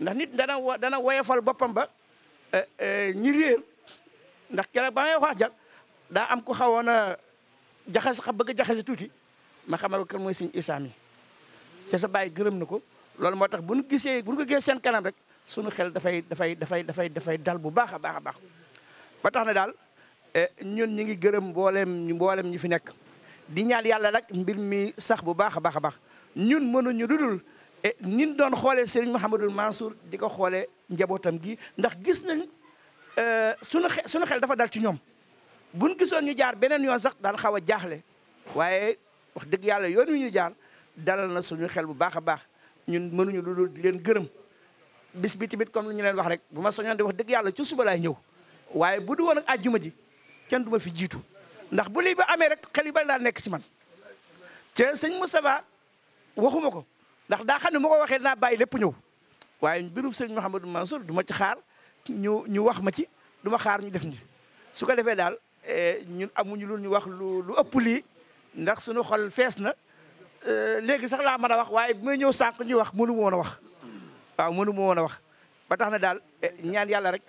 ndax nit dana dana woyofal boppam ba eh, eh, ñi réer. ndax keroog ba may wax jal daa am ku xawoon a jaxase xa bëgg a jaxase tuuti ma xamal ko kan mooy sëñ Issa mi sa baay gërëm na ko loolu moo tax bu nu gisee bu nu ko gisee seen kanam rek sunu xel dafay dafay dafay dafay dafay dal bu baax a baax a baax ba tax na daal e ñun ñu ngi gërëm mboolem mboolem ñu fi nekk di ñaan yàlla rek mbir mi sax bu baax a baax a baax ñun mënuñu dudul nin e, doon xoolee Serigne Mouhamadul Mansour di ko xoolee njabootam gi ndax gis nañ Euh, sunu xel sunu xel dafa dal ci ñoom buñ gisoon ñu jaar beneen yoon sax daan xaw a jaaxle waaye wax dëgg yàlla yoon wi ñu jaar dalal na suñu xel bu baax a baax ñun mënuñu lu dul di leen gërëm bis bi tamit comme lu ñu leen wax rek bu ma soñoon di wax dëgg yàlla ci suba laay ñëw waaye bu du woon ak àjjuma ji kenn du ma fi jiitu ndax bu lii amee rek xel yi bari daal nekk ci man te sëñ Moussa Ba waxuma ko ndax daa xam ne moo ko waxee naa bàyyi lépp ñëw waaye mbirum sëñ Mouhamadou Mansour du ma ci xaar ñu ñu wax ma ci du ma xaar ñu def ñu su ko defee daal eh, ñun amuñu lu ñu wax lu lu ëpp lii ndax suñu xol fees na eh, léegi sax laa mën a wax waaye bu may ñëw sànq ñuy wax mënu ma a wax waaw mënu a wax ba tax na daal eh, ñaan yàlla rek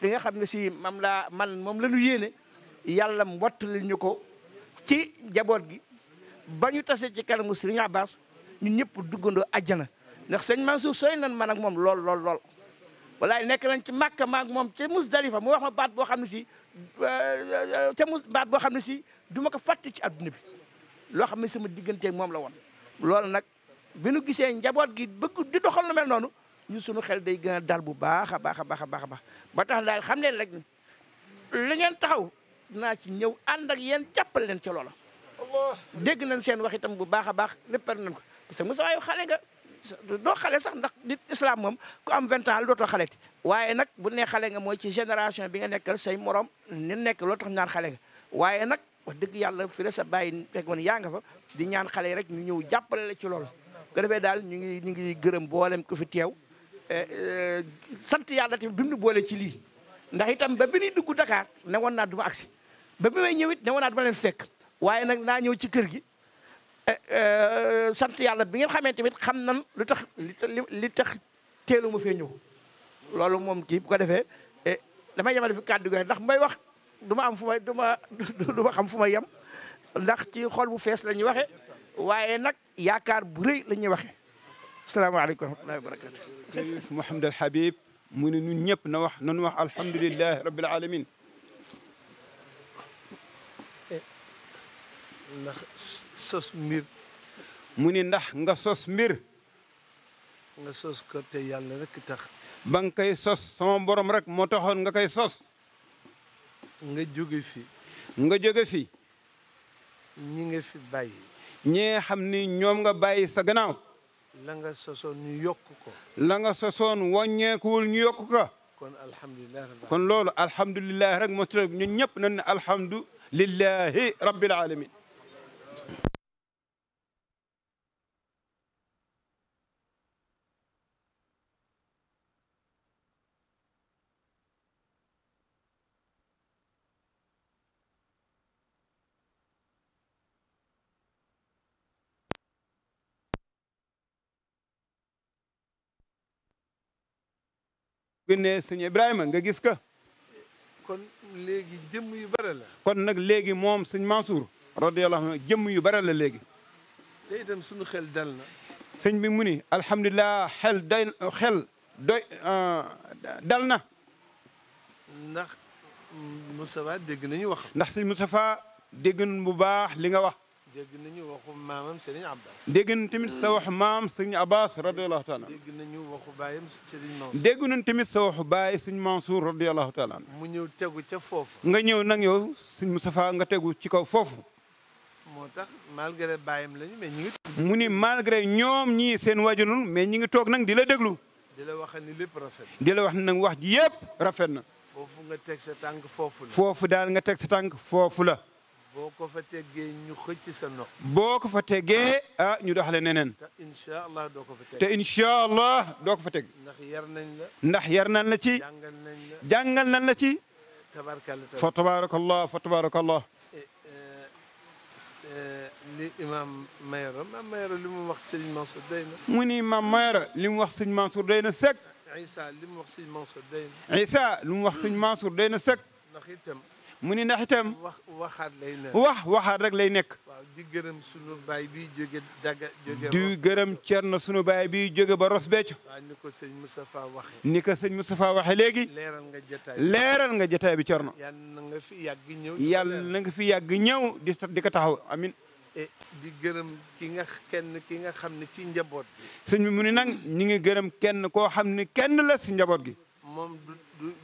li nga xam ne si mam laa man moom la ñu yéene yàlla mbottali ñu ko ci jaboot gi ba ñu tase ci kanamu Serigne Abbas ñun ñëpp duggandoo àjjana ndax sëñ Mansour sooy nan man ak moom lool lool lool walaay nekk nañ ci Màkka maag moom ca Musdalifa mu wax ma baat boo xam ne si ca euh, euh, mus baat boo xam ne si du ma ko fàtte ci adduna bi loo xam ne sama digganteeg moom la woon loolu nag bi nu gisee njaboot gi bëgg di doxal na mel noonu ñu suñu xel day gën a dal bu baax a baax a baax a baax ba tax daal xam leen rek li ngeen taxaw dinaa ci ñëw ànd ak yéen jàppal leen ca loola dégg nañ seen wax itam bu baax a baax léppar nañ ko parce que Moussa xale nga doo xale sax ndax nit islam moom ku am vingt ans la dootoo xaleti waaye nag bu ne xale nga mooy ci génération bi nga nekkal say morom ni nekk loo tax ñaan xale nga waaye nag wax dëgg yàlla fi la sa bàyyi fekk woon yaa nga fa di ñaan xale yi rek ñu ñëw jàppale la ci loolu ko daal ñu ngi ñu ngi gërëm boolem ku fi teew eh, eh, sant yàlla tamit bi mu boole ci lii ndax itam ba bi ñuy dugg Dakar ne woon naa du ma agsi ba bi may ñëw it ne woon naa du ma leen fekk waaye nag naa ñëw ci kër gi Eh, eh, sant yàlla bi ngeen xamee tamit xam nan lu tax li tax teelu ma fee ñëw loolu moom kii bu ko defee eh, damay yemale fi kàddu gi ndax may wax duma am fu may du ma du ma xam fu may yem ndax ci xol bu fees la ñuy waxe waaye nag yaakaar bu rëy la ñuy waxe salaamaaleykum wa rahmatullahi wa barakatu jërëjëf Mouhamed Al Habib mu ne ñun ñëpp na wax nañu wax alhamdulilahi rabbil alamin ndax sos mbir mu ni ndax nga sos mbir nga sos ko te yàlla rek koy sos sama borom rek moo taxoon nga koy sos nga jóge fi nga jóge fi ñi nga fi bàyyi ñee xam ni ñoom nga bàyyi sa gannaaw la nga sosoon ñu yokk ko la nga sosoon wàññeekuwul ñu yokk ko kon alhamdulilah kon loolu alhamdulilah rek moo ci ñun ñëpp na ne alhamdulilahi rabbil alamin ne sëñ Ibrahima nga gis ka kon léegi jëmm yu bare la. kon nag léegi moom sëñ Mansour. radiyallahu anhu jëmm yu bare la léegi. te itam suñu xel dal na. sëñ bi mu ni alhamdulilah xel doy xel doy dal na. ndax Moustapha dégg nañu wax. ndax sëñ Moustapha dégg bu baax li nga wax. dégg nañu waxu maamam Serigne Abbas. dégg nañ tamit sa wax maam Serigne Abbas radiyallahu taala. dégg nañu waxu baayam Serigne Mansour. dégg nañ tamit sa waxu baay Serigne Mansour radiyallahu taala. mu ñëw tegu ca foofu. nga ñëw nag yow Serigne Moustapha nga tegu ci kaw foofu. moo tax malgré baayam lañu mais mu ni malgré ñoom ñi seen wajulul mais ñi ngi toog nag di la déglu. di la wax ni lépp rafet na. di la wax nag wax ji yëpp rafet na. foofu nga teg sa tànk foofu la. foofu daal nga teg sa tànk foofu la. boko ko fa teggee ñu xëcc sa nopp. boo ko fa teggee ah ñu doxalee neneen. te incha allah doo ko fa teg. te incha allah doo ko fa teg. ndax yar nañ la. ndax yar nañ la ci. jàngal nañ la jàngal nañ la ci. tabaarkalla fa tabaarakallah fa tabaarakallah. li imaam Mayoro maam Mayoro li mu wax Sëriñ Mansour day na. mu ni maam Mayoro li mu wax Sëriñ Mansour day na sëkk. Issa li mu wax Sëriñ Mansour day na. Issa li mu wax Sëriñ Mansour day na sëkk. ndax itam. mu ni ndax itam wax waxaat lay nekk wax waxaat rek lay nekk. waaw di gërëm sunu baay bi jóge daga jóge. di gërëm Thierno sunu baay bi jóge ba Ross Béthio. waaw ni ko sëñ Moustapha waxee. ni ko sëñ Moustapha waxee léegi. leeral nga jotaay leeral nga jotaay bi Thierno. yàlla na nga fi yàgg ñëw. yàlla na fi yàgg ñëw di di ko taxaw amin eh, di gërëm ki nga kenn ki nga xam ne ci njaboot sëñ mu ni nag ñu ngi gërëm kenn koo xam ni kenn la si njaboot gi.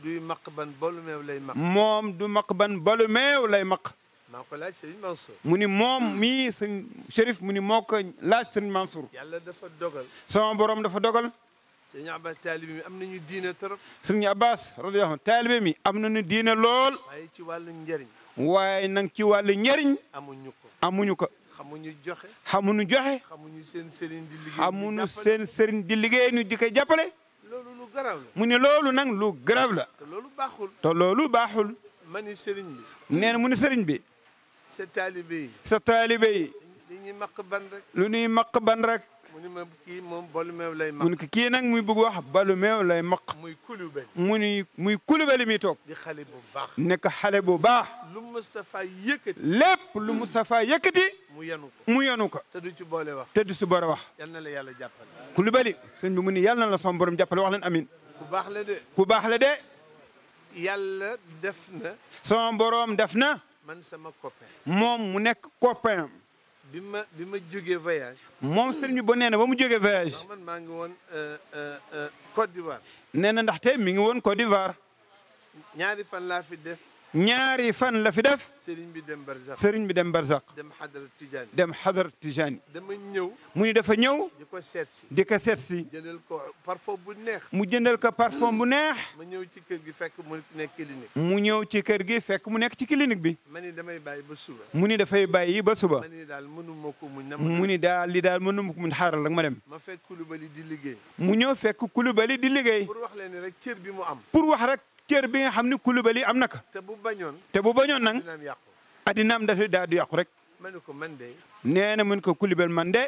duy maq ban bolu meew lay maq. moom du maq ban bolu meew lay maq. maa ko laaj Serigne Mansour. mu ni moom mii sëñ Chérif mu ni moo ko laaj Serigne Mansour. yàlla dafa dogal. sama borom dafa dogal. Serigne Abbas taalibe mi am nañu diine trop. Serigne Abbas radiyallahu anhu taalibe mi am nañu diine lool. waaye ci wàllu njëriñ. waaye nag ci wàllu njariñ amuñu ko amuñu ko. xamuñu joxe. xamuñu joxe. xamuñu seen sëriñ di liggéey. xamuñu seen mu ne loolu nag lu garaaw la. te loolu baaxul. te loolu baaxul. ma ni sëriñ bi. nee na mu ni sëriñ bi. sa taalibe yi. sa taalibe lu ñuy maq ban rek. lu ñuy maq ban rek. mu ni moom balu meew lay maq. mu ni ko kii nag muy bëgg wax balu meew lay maq. muy Coulibaly. mu ni muy Coulibaly mi toog. di xale bu baax. nekk xale bu baax. lu Moustapha yëkkati. lépp lu Moustapha yëkkati. mu yanu ko mu yanu ko. te du ci wax. te du ci boole wax. yal na la yàlla jàppale. Coulibaly sëñ bi mu ni yal na la son borom jàppale wax leen amin. ku baax la de. ku baax la de. def na. son def na. man sama copain. moom mu nekk copain bi ma bi ma jógee voyage. moom sëriñ ba nee na ba mu jógee voyage. ndax man maa ngi woon euh, euh, euh, Côte d'Ivoire. nee na ndaxte mi ngi woon Côte d'Ivoire. ñaari fan laa fi def. ñaari fan la fi def. sëriñ bi dem Barzak. sëriñ bi dem Barzak. dem xadar Tijani. dem xadar Tijani. dama ñëw. mu ni dafa ñëw. di ko seet si. di ko seet si. jëndal ko parfum bu neex. mu jëndal ko parfum bu neex. mu ñëw ci kër gi fekk mu nekk clinique. mu ñëw ci kër gi fekk mu nekk ci clinique bi. ma ni damay bàyyi ba suba. mu ni dafay bàyyi ba suba. ma ni daal mënu ma ko muñ. mu ni daal li daal mënu ma ko muñ xaaral rek ma dem. ma fekk Kulubali di liggéey. mu ñëw fekk Kulubali di liggéey. pour wax leen rek cër bi mu am. pour wax rek cër bi nga xam ni Koulibaly am na ko. te bu bañoon te bu bañoon nag. addinaam dafay daal di yàqu rek. ma ne ko man de. nee na mu ne ko Koulibaly man de.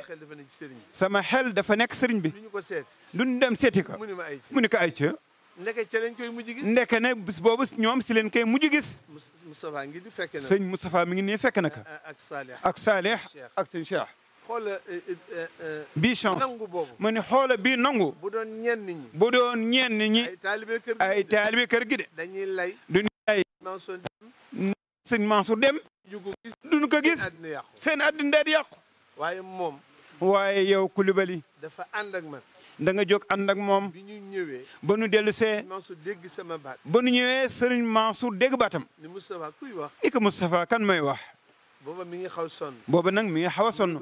sama xel dafa nekk sëriñ bi. duñu ko seeti. duñu dem seeti ko. mu ne ay ca mu ne ko ay ca. ndeke lañ koy mujj gis. ndeke ne bis boobu ñoom si leen koy mujj gis. Moustapha ngi di fekk na sëñ Moustapha mi ngi nii fekk na ko. ak Salih ak Salih ak xoola eh, eh, eh, bii chance mu ne xoola bii nangu. bu doon ñenn ñi. bu doon ñenn ñi. ay taalibe kër gi de. dañuy lay. duñu lay. sëñ Mansour dem. duñu ko gis. seen àddina di yàqu. waaye moom. waaye yow Coulibaly. dafa ànd ak man. da nga ànd ak moom. bi ñu ñëwee. ba nu dellu see. Mansour dégg sama baat. ba nu ñëwee sëriñ Mansour dégg baatam. ni Moustapha kuy wax. ni kan may wax. booba mi ngi xaw a sonn. booba nag mi ngi xaw a sonn.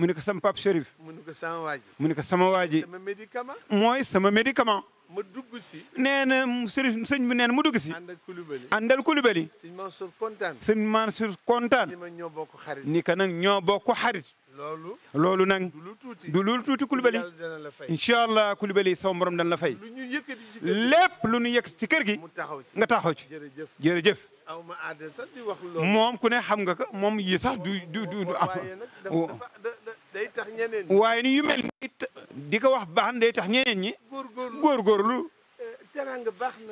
mu ne ko sama pap Chérif. mu ne sama pap Chérif. mu ne ko sama waa ji. mu ne ji. sama médicament. mooy sama médicament. ma dugg si. nee na Chérif sëñ bi nee na mu dugg si. àndal Koulibaly. àndal Koulibaly. sëñ Mansour kontaan. sëñ Mansour kontaan. ni ma ñoo bokk xarit. ni ka nag ñoo bokk xarit. loolu nag du lu tuuti Coulibaly incha allah Coulibaly sama borom dan la fay lépp lu ñu yëkk ci kër gi nga taxaw ci jërëjëf moom ku ne xam nga ko moom yi sax du du du ak waaye ni yu mel ni di ko wax baax na day tax ñeneen ñi góorgóorlu eh,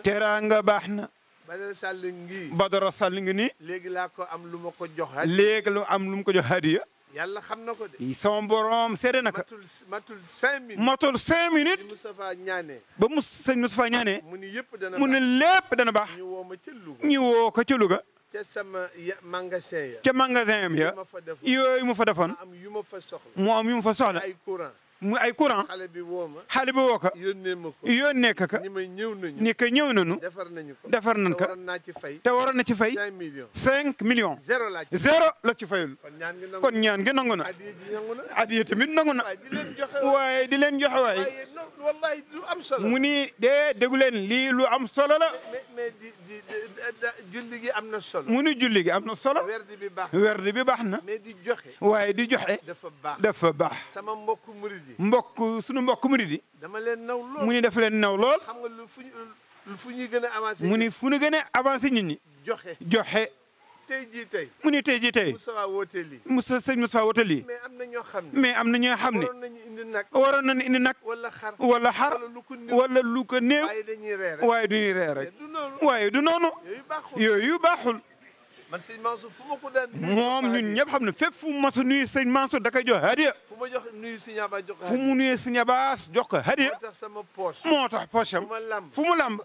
teraanga baax na Badara Sall ngi Badara Sall ngi nii léegi laa ko am lu ma ko jox léegi lu am lu mu ko jox hadiya يلا خمنو كده يسون بروم سيرنا ك ماتول سامي ماتول سامي نيت مصطفى نياني بمص سامي مصطفى نياني من يب دنا من لب دنا با نيو كتلوغا نيو كتلوغا تسمى مانغازين تسمى مانغازين يا يو يو مفدفون مو أمي مفسخ مو أمي مفسخ أي كوران mu ay courant xale bi woo ma xale bi woo ko yónnee ma ko yónnee ka ka ni ma ñëw nañu ni ka ñëw nañu defar nañu ko defar nañ ko te waroon na ci fay cinq millions cinq millions zéro la ci fayul kon ñaan gi nangu na adiya tamit nangu na waaye di leen joxe waaye wallahi lu am solo mu ni dee déggu leen lii lu am solo la mais julli gi am na solo mu ni julli gi am na solo werdi bi baax werdi bi baax na mais di joxe waaye di joxe dafa baax dafa baax sama mbokk murid mbokk suñu mbokk murid yi dama leen naw lool mu ni dafa leen naw lool xam nga lu fu ñu fu ñuy gën a avancé mu ni fu ñu gën a avancé nit ñi joxe joxe tey jii tey mu ni tey jii tey Moustapha woote lii Moussa sëñ Moustapha woote lii mais am na ñoo xam ne mais am na ñoo xam ne waroon nañu indi nag waroon nañu indi nag wala xar wala xar wala lu ko néew waaye dañuy reer rek waaye dañuy reer rek waaye du noonu yooyu baaxul man sëñ Mansour moom ñun ñëpp xam ne fépp fu mu mas a nuyu sëñ Mansour da koy jox hadiya fu ma jox nuyu sëñ Abass jox ko fu mu nuyu sëñ Abass jox ko hadiya moo tax sama poche moo fu mu lamb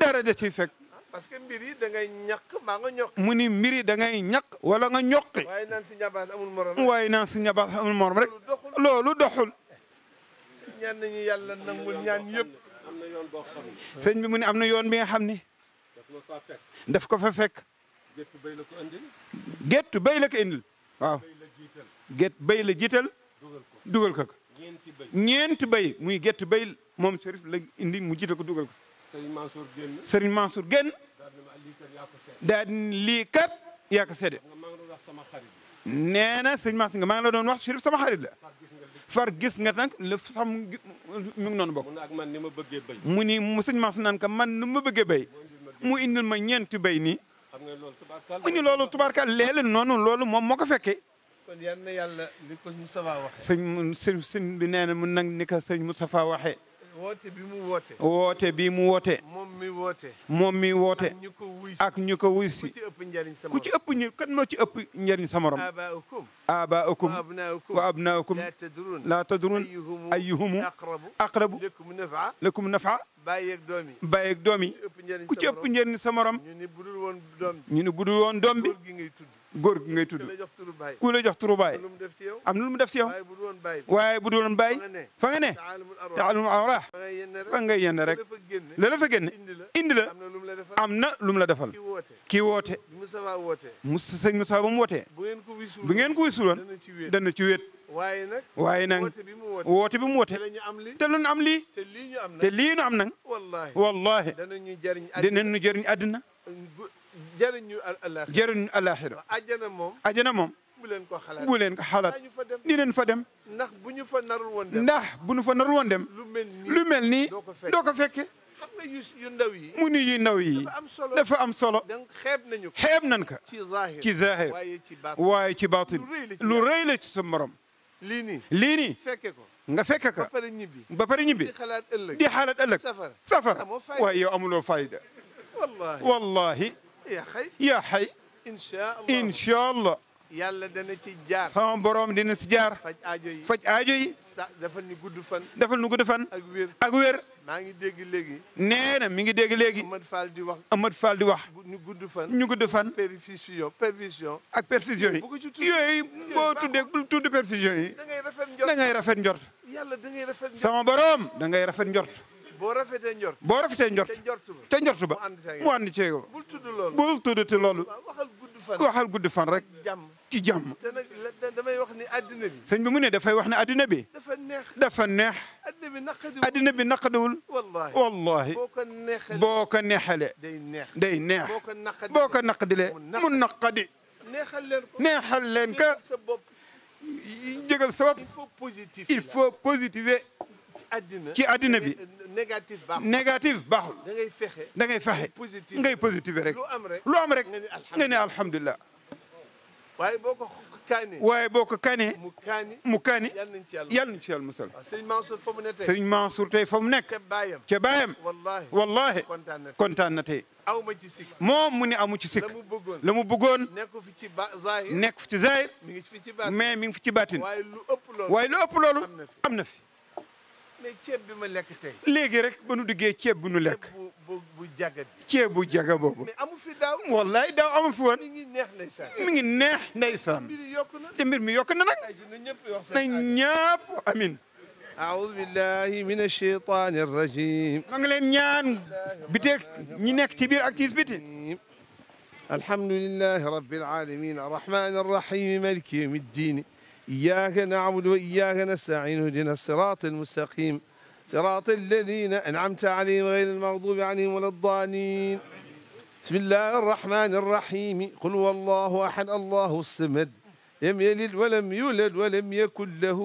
dara da ciy fekk ah, parce que mbir yi da ngay ñàkk nga ñokk mu ni mbir yi da ngay ñàkk wala nga ñokki waaye naan sëñ Abass amul morom waaye naan sëñ Abass amul morom rek loolu doxul ñaan nañu yàlla nangul ñaan yëpp sëñ bi mu ne am na yoon bi nga xam ni daf ko fa fekk gétt béy la ko indil. gétt béy la ko indil waaw. gétt béy la jiital. dugal ko ko. ñeenti béy ñeenti béy muy gétt béy moom Cherif la indi mu jiital ko dugal ko. Serigne Mansour génn. Serigne Mansour génn. daal di lii kat yaa ko séddee. nee na sëñ Mansour nga maa ngi la doon wax Cherif sama xarit la. far gis nga nag la sax mu ngi noonu bokk. mu ak man ni ma bëggee béy. mu ni mu sëñ Mansour ka man ni ma bëggee béy. mu indil ma ñeenti bay nii. xam nga loolu tubaarkaal ñu loolu tubaarkaal léeg noonu loolu moom moo ko fekkee. kon na yàlla li ko Moustapha waxee. sëñ sëñ bi nee na mu nag ni ko sëñ Moustapha waxee. woote bi mu woote. woote bi mu woote. moom mi woote. moom mi woote. ak ñu ko wuy si. ku ci ëpp ñu kan moo ci ëpp njëriñ sa morom. abaakum wa abnaakum laa tadrun ayyuhumu aqrabu lakum nafa bàyyi ak doom yi bàyyi ak doom yi ku ci ëpp njëriñ sa morom. ñu ni budul woon doom bi. góor gi ngay góor gi ngay tudd ku la jox turu baay am na lu mu def ci yow waaye bu doon baay fa nga ne taalamul awraax fa ngay yenn rek la la fa génne indi la am na lu mu la defal kii woote Moussa sëñ Moussa ba mu wootee bu ngeen ko wisuloon dana na wéet وينك ووتي بموتي تلن عملي تلين عملي والله والله دنا نجرن ادنا جرن الاخره اجنا موم اجنا موم بولن كو خالات بولن فدم نخ بونو فا نارول وون دم نخ بونو فا دوكو فك موني يي ناوي دا فا ام سولو خيب نانكو خيب نانكا تي ظاهر واي تي باطل لو ريلي تي سمرم lii nii lii nii fekke ko nga fekke ko ba pare ñibbi ba pare ñibbi di xalaat ëllëg di xalaat ëllëg safara safara waaye yow amuloo fayda wallahi wallahi yaa xay yaa xay incha allah incha allah yàlla dana ci jaar sama borom dina ci jaar faj aajo yi faj aajo yi sa dafal ñu gudd fan dafal ñu gudd fan ak wér ak wér maa ngi dégg léegi. nee na mi ngi dégg léegi. Amad Fall di wax. Amad Fall di wax. ñu gudd fan. ñu gudd fan. perfusion perfusion. ak perfusion yi. yooyu boo tuddee tudd perfusion yi. da ngay rafet njort da ngay rafet yàlla da ngay rafet njort. sama borom da ngay rafet njort. boo rafetee njort. boo rafetee njort. te njort ba mu ànd ceeg. bul tudd loolu bul tudd te loolu. waxal gudd fan rek. jàmm. ci jàmm. te nag damay wax ni addina bi. sëñ bi mu ne dafay wax ne addina bi. dafa neex dafa neex. addina bi naqadiwul addina bi naqadiwul. wallaahi wallaahi. boo ko neexalee boo ko neexalee. day neex day neex. boo ko naqadilee boo ko naqadilee mu naqadi. neexal leen ko neexal leen ko. jégal sa bopp il faut positif il faut positiver. ci àddina ci àddina bi négatif baaxul négatif baaxul. da ngay fexe da ngay fexe. ngay positiver rek lu am rek. nga ne alhamdulilah waaye boo ko kaanee waaye boo ko kaanee mu kaani mu kaani yàlla musal sëriñ Mansour fa mu ne Mansour tey fa mu nekk ca baayam ca baayam wallaahi wallaahi kontaan na tey aw ma ci sikk moom mu ne amu ci sikk la fi ci ba zahir nekk fi ci zahir mais mi ngi fi ci baatin waaye lu ëpp loolu waaye lu ëpp loolu am fi mais ceeb bi ma lekk tey. léegi rek ba nu duggee ceeb bu nu lekk. bu bu jaga bi. ceeb bu jaga boobu. mais amu fi daaw. wallaay daaw amu fi woon. mi ngi neex ndeysaan. mi ngi neex ndeysaan. te mbir mi yokk na nag. na ñëpp amin. أعوذ بالله من الشيطان الرجيم الحمد لله رب العالمين الرحمن الرحيم مالك يوم الدين إياك نعبد وإياك نستعين اهدنا الصراط المستقيم صراط الذين أنعمت عليهم غير المغضوب عليهم ولا الضالين بسم الله الرحمن الرحيم قل والله أحد الله الصمد لم يلد ولم يولد ولم يكن له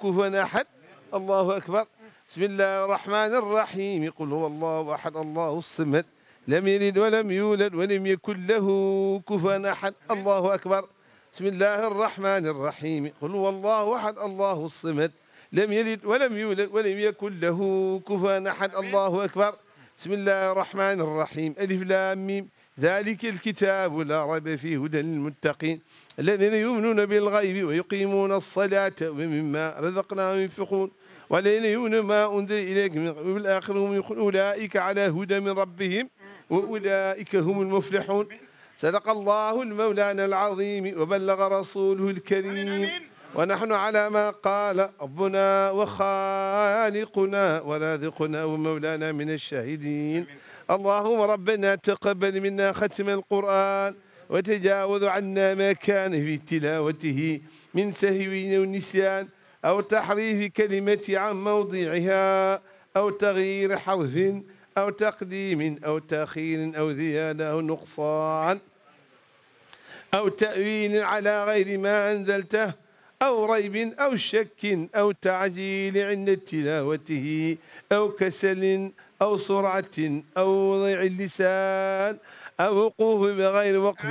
كفوا أحد الله أكبر بسم الله الرحمن الرحيم قل هو الله أحد الله الصمد لم يلد ولم يولد ولم يكن له كفوا أحد الله أكبر بسم الله الرحمن الرحيم قل هو الله احد الله الصمد لم يلد ولم يولد ولم يكن له كفوا احد الله اكبر بسم الله الرحمن الرحيم الف لام ميم ذلك الكتاب لا ريب فيه هدى للمتقين الذين يؤمنون بالغيب ويقيمون الصلاة ومما رزقناهم ينفقون والذين يؤمنون ما أنزل إليك من قبل الآخر هم أولئك على هدى من ربهم وأولئك هم المفلحون صدق الله المولانا العظيم وبلغ رسوله الكريم ونحن على ما قال ربنا وخالقنا ورازقنا ومولانا من الشاهدين اللهم ربنا تقبل منا ختم القرآن وتجاوز عنا ما كان في تلاوته من سهو ونسيان أو تحريف كلمة عن موضعها أو تغيير حرف أو تقديم أو تأخير أو زيادة أو نقصان أو تأويل على غير ما أنزلته أو ريب أو شك أو تعجيل عند تلاوته أو كسل أو سرعة أو ضيع اللسان أو وقوف بغير وقف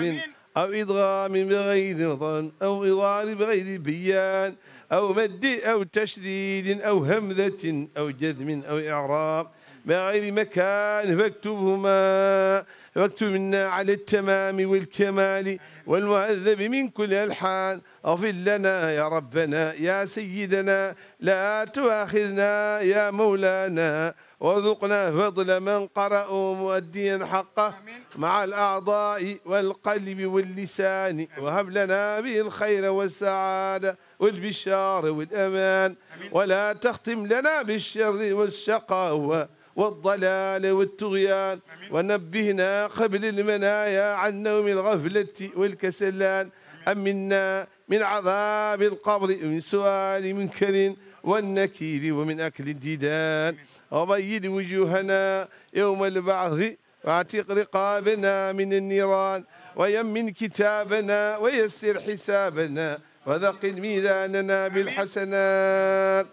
أو إدغام بغير ظن أو إضار بغير بيان أو مد أو تشديد أو همذة أو جذم أو إعراب بغير مكان فاكتبهما واكتبنا على التمام والكمال والمهذب من كل الحال اغفر لنا يا ربنا يا سيدنا لا تؤاخذنا يا مولانا وذقنا فضل من قرأوا مؤديا حقه مع الأعضاء والقلب واللسان وهب لنا به الخير والسعادة والبشار والأمان ولا تختم لنا بالشر والشقاوة والضلال والطغيان ونبهنا قبل المنايا عن نوم الغفلة والكسلان أمنا من عذاب القبر من سؤال منكر والنكير ومن أكل الديدان وبيد وجوهنا يوم البعث واعتق رقابنا من النيران ويمن كتابنا ويسر حسابنا وذق ميزاننا بالحسنات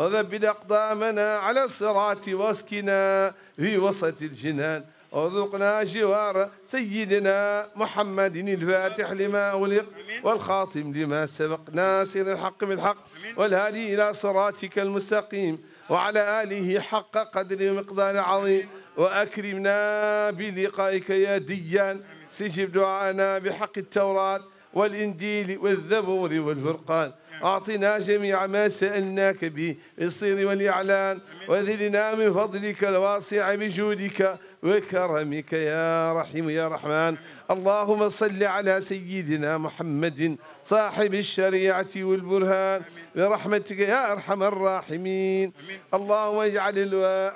وثبت أقدامنا على الصراط واسكنا في وسط الجنان وذقنا جوار سيدنا محمد الفاتح لما أغلق والخاتم لما سبق ناصر الحق بالحق والهادي إلى صراطك المستقيم وعلى آله حق قدر ومقدار عظيم وأكرمنا بلقائك يا ديان سجب دعانا بحق التوراة والإنجيل والذبور والفرقان أعطنا جميع ما سألناك به الصير والإعلان وذلنا من فضلك الواسع بجودك وكرمك يا رحيم يا رحمن اللهم صل على سيدنا محمد صاحب الشريعة والبرهان برحمتك يا أرحم الراحمين اللهم اجعل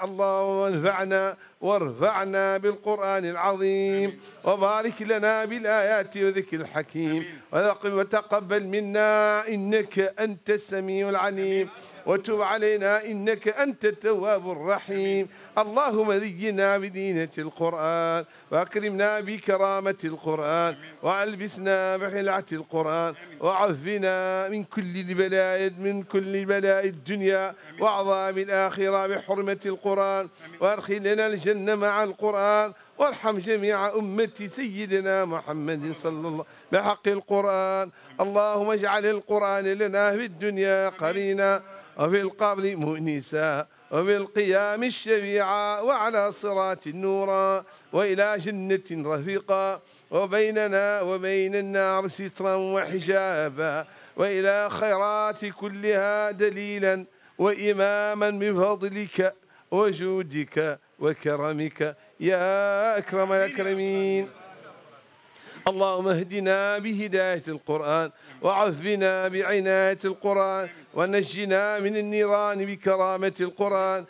اللهم انفعنا وارفعنا بالقرآن العظيم وبارك لنا بالآيات وذكر الحكيم وتقبل منا إنك أنت السميع العليم وتب علينا إنك أنت التواب الرحيم اللهم زينا بدينة القرآن وأكرمنا بكرامة القرآن وألبسنا بحلعة القرآن وعفنا من كل البلاء من كل بلاء الدنيا وعظام الآخرة بحرمة القرآن وأدخلنا الجنة مع القرآن وارحم جميع أمة سيدنا محمد صلى الله عليه وسلم بحق القرآن اللهم اجعل القرآن لنا في الدنيا قرينا وفي القبر مؤنسا وبالقيام الشفيعا وعلى صراط نورا وإلى جنة رفيقا وبيننا وبين النار سترا وحجابا وإلى خيرات كلها دليلا وإماما بفضلك وجودك وكرمك يا أكرم الأكرمين اللهم اهدنا بهداية القرآن وعفنا بعناية القرآن ونجنا من النيران بكرامة القرآن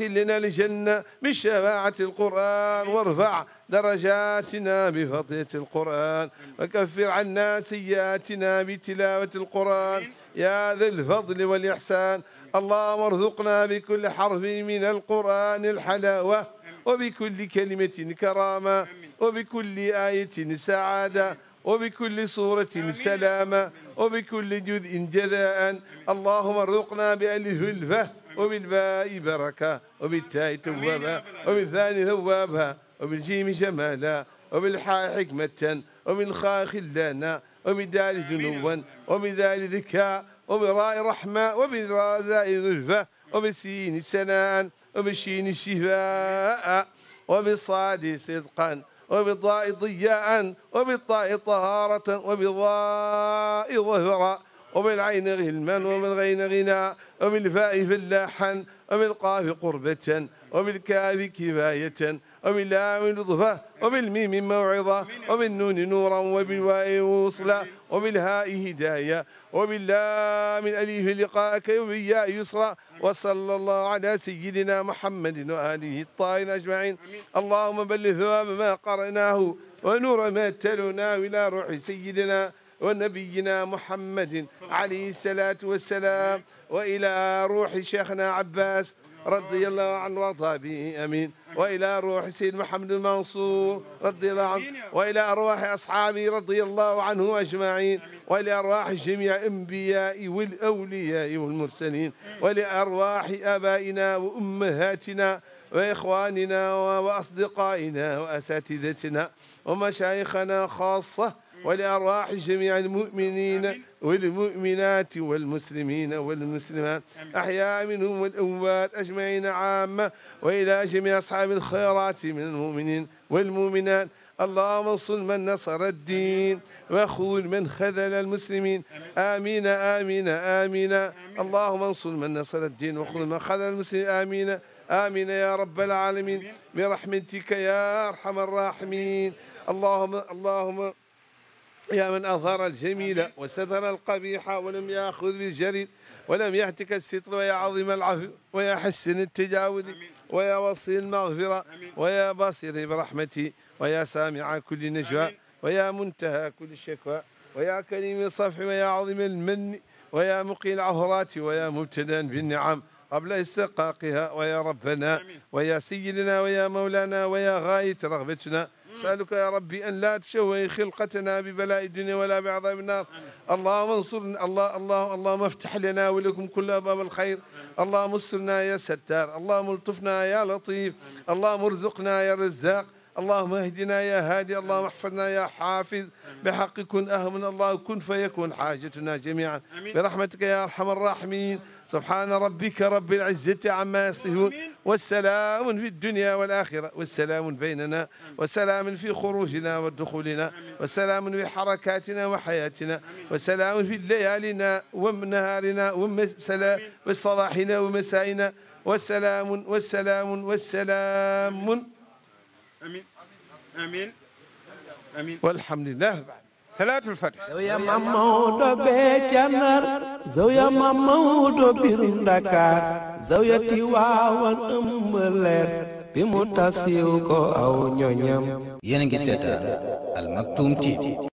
لنا الجنة بشفاعة القرآن وارفع درجاتنا بفضية القرآن وكفر عنا سيئاتنا بتلاوة القرآن يا ذا الفضل والإحسان اللهم ارزقنا بكل حرف من القرآن الحلاوة وبكل كلمة كرامة وبكل آية سعادة وبكل صورة سلاما وبكل جزء جزاء اللهم ارزقنا بألف الفه وبالباء بركة وبالتاء توابا وبالثاني ثوابا وبالجيم جمالا وبالحاء حكمة وبالخاء خلانا وبالدال جنوا وبالذال ذكاء وبراء رحمة وبالراء ذلفة وبالسين سناء وبالشين شفاء وبالصاد صدقا وبالضاء ضياء وبالطاء طهارة وبالضاء ظهرا وبالعين غلما وبالغين غنى وبالفاء فلاحا وبالقاف قربة وبالكاف كفاية من لطفة وبالميم موعظة وبالنون نورا وبالواء وصلا وبالهاء هداية من الأليف لقاءك وبالياء يسرا وصلى الله على سيدنا محمد وآله الطاهرين أجمعين اللهم بلغ ثواب ما قرأناه ونور ما تلونا إلى روح سيدنا ونبينا محمد عليه الصلاة والسلام وإلى روح شيخنا عباس رضي الله عن وطبي امين والى روح سيد محمد المنصور رضي الله عنه والى ارواح اصحابه رضي الله عنهم اجمعين والى ارواح جميع الانبياء والاولياء والمرسلين والى ارواح ابائنا وامهاتنا واخواننا واصدقائنا واساتذتنا ومشايخنا خاصه ولأرواح جميع المؤمنين والمؤمنات والمسلمين والمسلمات أحياء منهم والأموات أجمعين عامة وإلى جميع أصحاب الخيرات من المؤمنين والمؤمنات اللهم انصر من نصر الدين وخذل من خذل المسلمين آمين آمين آمين اللهم انصر من نصر الدين وخذل من خذل المسلمين آمين آمين يا رب العالمين برحمتك يا أرحم الراحمين اللهم اللهم يا من أظهر الجميل وستر القبيح ولم يأخذ بالجليل ولم يهتك الستر ويا عظيم العفو ويا حسن التجاوز ويا وصي المغفرة ويا بصير برحمتي ويا سامع كل نجوى ويا منتهى كل شكوى ويا كريم الصفح ويا عظيم المن ويا مقي العهرات ويا مبتدا بالنعم قبل استقاقها ويا ربنا ويا سيدنا ويا مولانا ويا غاية رغبتنا نسألك يا ربي أن لا تشوه خلقتنا ببلاء الدنيا ولا بعذاب النار اللهم انصرنا الله الله اللهم افتح لنا ولكم كل أبواب الخير اللهم استرنا يا ستار اللهم الطفنا يا لطيف اللهم ارزقنا يا رزاق اللهم اهدنا يا هادي اللهم احفظنا يا حافظ بحق كن أهمنا الله كن فيكون حاجتنا جميعا برحمتك يا أرحم الراحمين سبحان ربك رب العزة عما يصفون والسلام في الدنيا والآخرة والسلام بيننا وسلام في خروجنا ودخولنا وسلام في حركاتنا وحياتنا وسلام في ليالنا ونهارنا وصباحنا ومسائنا والسلام والسلام والسلام آمين آمين آمين والحمد لله بعد salaatul fatih zawiya bee ca Ndar zawiya Maam Maodo biir Ndakaar zawiya Tiwaawan ëmb bi mu tasiw ko aw ñoñam yéen a ngi Al Maktoum TV